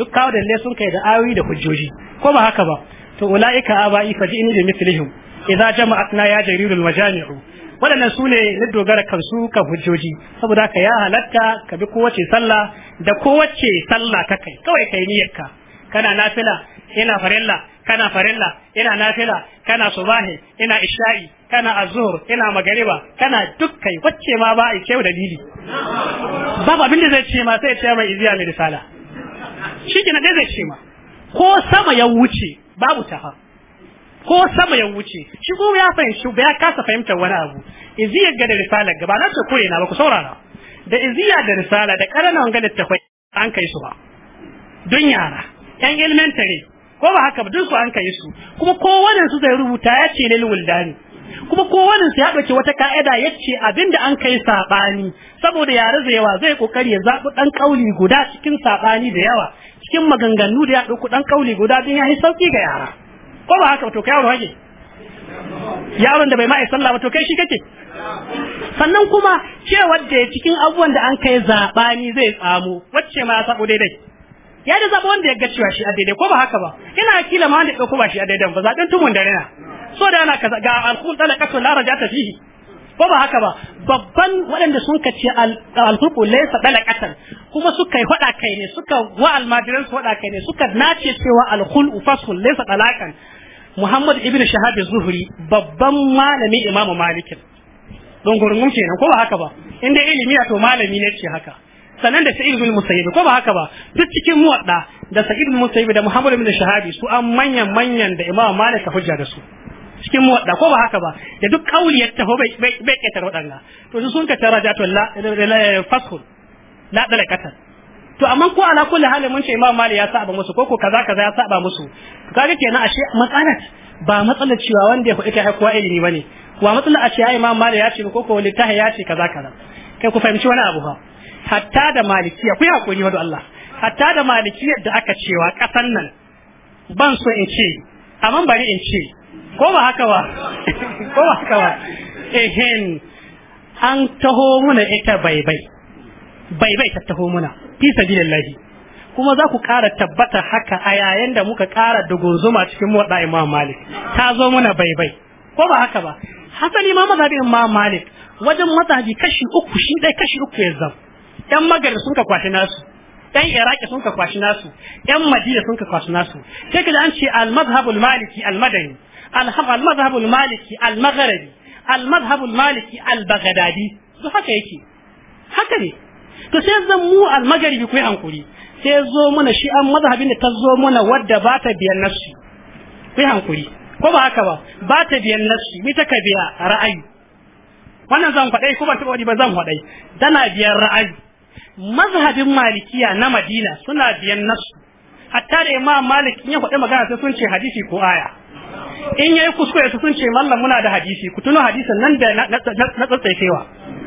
[SPEAKER 1] duk kawo da sun kai da ayoyi da hujjoji ko ba haka ba to ulaika abai fa ji'ni bi mithlihim idza jama'atna ya jarirul majami'u waɗannan su ne na dogara kansu kan hujjoji saboda ka ya halatta ka bi kowace sallah da kowace sallah ka kai kawai kai ka kana nafila ina farilla kana farilla ina nafila kana subahi ina isha'i kana azhur ina magariba kana dukkan wacce ma ba a cewa dalili babu abin da zai ce ma sai ce mai iziya mai risala shi ke na zai ce ma ko sama ya wuce babu ha ko sama ya wuce shi ko ya fahimci ba ya kasa fahimtar wani abu iziya ga da risala gaba na ce kure na ba ku saurara da iziya da risala da karana wanga da tafai an kai su ba don yara yan elementary ko ba haka ba duk su an kai su kuma kowane su zai rubuta ya ce lil wuldani kuma kowanin su ya dauki wata ka'ida ya abin abinda an kai sabani saboda yare da yawa zai kokari ya zabi dan kauli guda cikin sabani da yawa cikin maganganu da ya dauko dan kauli guda din yi sauki ga yara ko ba haka to kai yaro hake yaron da bai ma'a sallah ba to kai shi kake sannan kuma cewar da cikin abubuwan da an kai zabani zai tsamo wacce ma ya sabo daidai ya da zaba wanda ya ga cewa shi a daidai ko ba haka ba yana kila ma da ya dauko ba shi a daidai ba zaɓen tumun da rina so da ana kaza ga alkhul talaqatu la rajata fihi ko ba haka ba babban waɗanda sun kaci ce alfurku laysa dalaqatan kuma suka yi faɗa kai ne suka wa almajiran su faɗa kai ne suka nace cewa alkhulu fasul laysa dalaqan Muhammad ibn Shahab Zuhri babban malami Imam Malik don gurgun kenan ko ba haka ba inda ilimi to malami ne ce haka sannan da Sa'id ibn Musayyib ko ba haka ba duk cikin muwadda da Sa'id ibn Musayyib da Muhammad ibn Shahab su an manyan manyan da Imam Malik hujja da su cikin muwadda ko ba haka ba da duk kauli ya taho bai bai waɗanda to su sun ka tara da la fasul la dalakatan to amma ko ala kulli halin mun ce imam mali ya saba musu ko ko kaza kaza ya saba musu kaga kenan ashe matsalar ba matsalar cewa wanda ya kuɗi ta haikuwa ilimi bane wa matsalar ashe ya imam mali ya ce ko ko littahi ya ce kaza kaza kai ku fahimci wani abu ha hatta da malikiya ku yi hakuri wa Allah hatta da malikiyar da aka cewa kasan nan ban so in ce amma bari in ce ko ba haka ba ko ba haka ba ehen an taho muna ita baibai baibai ta taho muna fi sabilillahi kuma za ku ƙara tabbata haka a yayin da muka ƙara dugunzuma cikin muwaɗa imam malik ta zo muna baibai ko ba haka ba hasali ma mazhabin imam malik wajen mazhabi kashi uku shi ɗaya kashi uku ya zam ɗan magari sun ka kwashi nasu ɗan iraki sun ka kwashi nasu ɗan madina sun ka kwashi nasu sai ka an ce al mazhabul maliki al madani المذهب المالكي المغربي المذهب المالكي البغدادي duk haka yake haka ne to sai zan mu almagaribi ku yi hankuri sai zo mana shi an mazhabin da ta zo mana wadda ba ta biyan nafsi ku yi ko ba haka ba ta biyan nafsi ni biya ra'ayi wannan zan faɗai ko ban taɓa wani ba zan faɗai tana biyan ra'ayi mazhabin malikiya na madina suna biyan nafsi hatta da imam malik in ya magana sun ce hadisi ko aya in yayi kuskure su sun ce mallam muna da hadisi ku tuno hadisin nan da na tsatsaifewa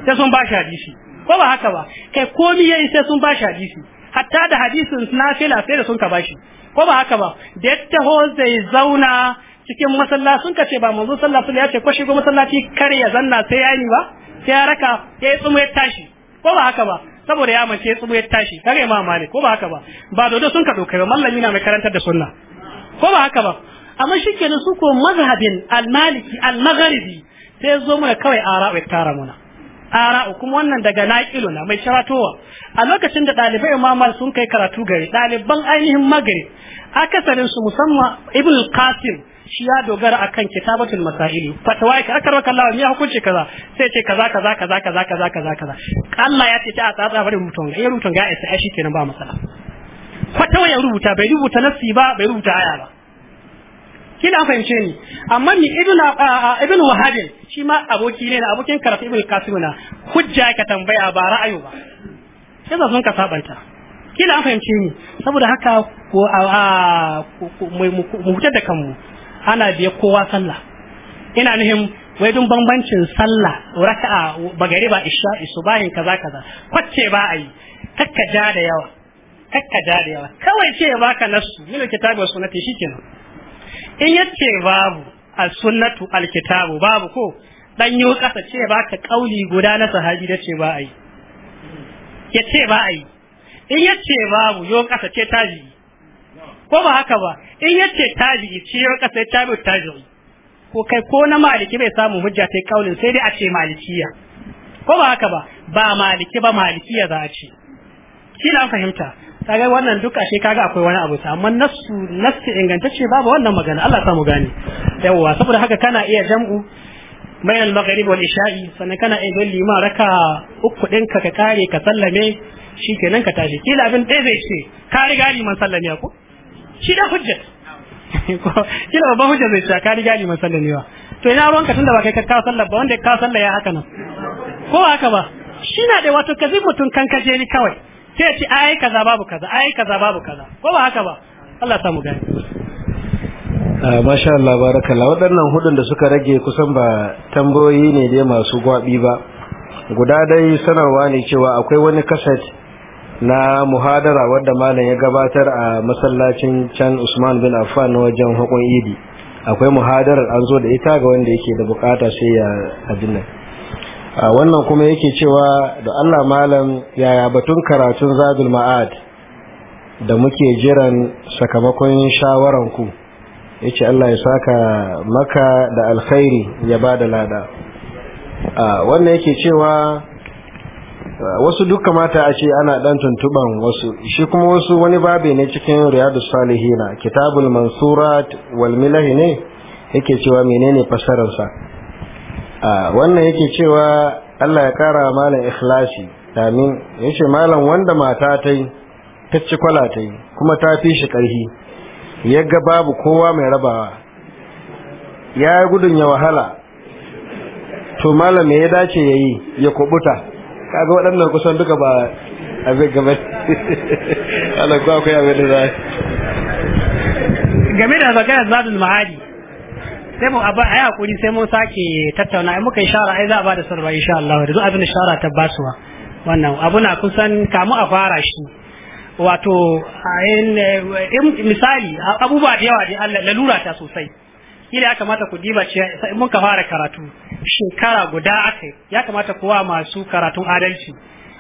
[SPEAKER 1] sai sun bashi hadisi ko ba haka ba kai komi yayi sai sun bashi hadisi hatta da hadisin nafila sai da sun ka bashi ko ba haka ba da ta ho zai zauna cikin masalla sun ka ce ba manzo sallallahu alaihi ya ce ko shigo masallaci kar ya zanna sai ya yi ba sai ya raka ya yi tsumo ya tashi ko ba haka ba saboda ya mace tsumo ya tashi kare ma malik ko ba haka ba ba dodo sun ka dokai ba mallami na mai karantar da sunna ko ba haka ba amma shi kenan su ko mazhabin al-maliki al-magharibi sai zo da kawai ara'u tara muna ara'u kuma wannan daga naqilu na mai sharatowa a lokacin da dalibai imam sun kai karatu gari daliban ainihin maghrib akasarin su musamman ibn qasim shi ya dogara akan kitabatul masaili fatawa ka akar maka Allah ya hukunci kaza sai ce kaza kaza kaza kaza kaza kaza kaza Allah ya ce a tsatsa bari mutum ya rubuta ga sai shi kenan ba masala fatawa ya rubuta bai rubuta nasi ba bai rubuta aya ba kina fahimce ni amma ni ibn ah, ah, ibn wahab shi ma aboki ne na abokin karatu ibn kasim na hujja ka tambaya ba ra'ayo ba sai za sun ka sabanta kina fahimce ni saboda haka ko ah, mu hujja da kanmu ana biya kowa sallah ina nihim wai dun bambancin sallah raka'a ba isha'i subahin kaza kaza kwacce ba a yi kakka ja da yawa kakka ja da yawa kawai ce ya baka nasu min kitabi ta sunnati shikenan in yace babu as-sunnatu al-kitabu babu ko dan yi kasa ce baka kauli guda na sahabi da ce ba ai yace ba ai in yace babu yo kasa ce tabi ko ba haka ba in yace tabi ce yo kasa tabi tabi ko kai ko na maliki bai samu hujja sai kaulin sai dai a ce malikiya ko ba haka ba ba maliki ba malikiya za a ce kina fahimta kaga wannan duk ashe kaga akwai wani abu amma nasu nasu ingantacce babu wannan magana Allah mu gane yawa saboda haka kana iya jam'u bayan al-maghrib wal isha'i sannan kana iya don ma raka uku ɗinka ka kare ka sallame shikenan ka tashi kila abin dai zai ce ka riga man sallame ko shi da hujja kila babban hujja zai ce ka riga sallame wa? to ina ruwanka tunda ba kai ka kawo sallar ba wanda ka sallar ya haka nan ko haka ba shi na da wato kazi mutun kan kaje ni kawai sai ya ce kaza babu kaza ai kaza babu kaza ko ba haka ba Allah ya samu gani
[SPEAKER 2] ah, masha Allah la waɗannan hudun da suka rage kusan ba tambayoyi ne dai masu gwabi ba guda dai sanarwa ne cewa akwai wani kaset na muhadara wadda malam ya gabatar a masallacin can Usman bin Affan na wajen hakon Idi akwai muhadarar an zo da ita ga wanda yake da bukata sai ya abin wannan kuma yake cewa da Allah malam yaya batun karatun zagul ma'ad da muke jiran sakamakon shawaranku ce Allah ya saka maka da alkhairi ya ba da lada wannan yake cewa wasu duk kamata a ce ana dan tuntuban wasu shi kuma wasu wani babe ne cikin riyadu salihina kitabul mansurat wal milahi ne yake cewa menene fasararsa wannan yake cewa Allah ya kara malam ikhlashi amin yace malam wanda mata ta yi ta ci kwala ta yi kuma ta fi shi karhi ya ga babu kowa mai rabawa ya gudun ya wahala to malam ya dace yayi ya kubuta kaga waɗannan kusan duka ba a zai gaba Allah ko akwai abin da za
[SPEAKER 1] game da zakarar zadul ma'adi sai mu a yi hakuri sai mun sake tattauna in muka shara ai za a bada sarwa insha Allah da duk abin ishara ta basuwa wannan abu na kusan kamu a fara shi wato in misali abubuwa da yawa da lalura ta sosai kila ya kamata ku diba ce in muka fara karatu shekara guda aka yi ya kamata kowa masu karatun adalci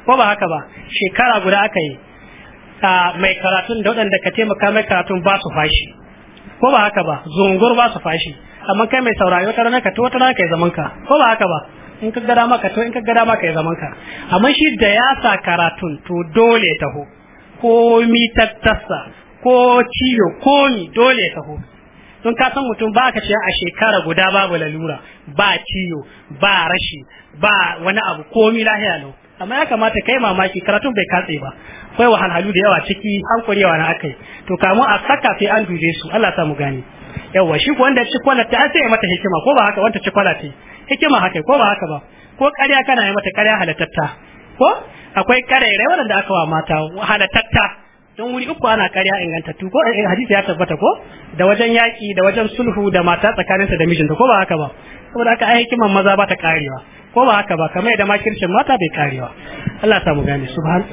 [SPEAKER 1] ko ba haka ba shekara guda aka yi mai karatun da waɗanda ka taimaka mai karatun ba su fashi ko ba haka ba zungur ba su fashi amma kai mai saurari wata rana ka to wata rana kai zaman ka ko ba haka ba in ka gada maka to in ka gada maka ya zaman ka amma shi da ya sa karatun to dole ya taho ko mi tattasa ko ciyo ko mi dole ya taho don ka san mutum ba ka ce a shekara guda babu lalura ba ciyo ba rashi ba wani abu komi lahiya lau amma ya kamata kai mamaki karatun bai katse ba akwai wahalhalu da yawa ciki an yawa na akai to kamun a saka sai an dube su Allah ta mu gani yawa shi ko wanda ya ci kwala ta sai ya mata hikima ko ba haka wanda ci kwala ta hikima haka ko ba haka ba ko ƙarya kana yi mata ƙarya halatatta ko akwai ƙarairai waɗanda aka wa mata halatatta don wuri uku ana ƙarya ingantattu ko eh, eh, hadisi ya tabbata ko da wajen yaƙi da wajen sulhu da mata tsakaninta da mijinta ko ba haka ba saboda haka ai hikiman maza ba ta karewa ko ba haka ba kamar yadda makircin mata bai karewa Allah ya samu gane subhan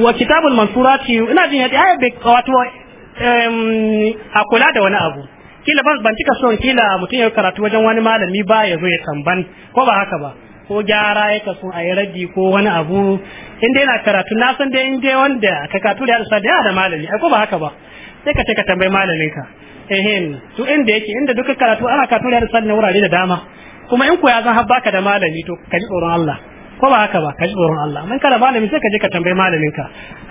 [SPEAKER 1] wa kitabul mansurati ina jin yadda ayat bai wato a kula da wani abu kila ban cika son kila mutum ya karatu wajen wani malami ba ya zo ya tamban ko ba haka ba ko gyara ya kasu a yi raji ko wani abu in dai na karatu na san dai in dai wanda ka karatu da yarsa da da malami ai ko ba haka ba sai ka ce ka tambayi malamin ka ehem to inda yake inda duka karatu ana karatu da yarsa ne wurare da dama kuma in ko ya zan har da malami to ka ji tsoron Allah ko ba haka ba ka ji tsoron Allah amma kana malami sai ka je ka tambayi malamin ka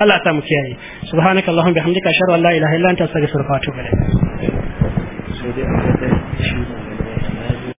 [SPEAKER 1] Allah ta mu kiyaye subhanakallahumma bihamdika ashhadu an la ilaha illa anta astaghfiruka wa atubu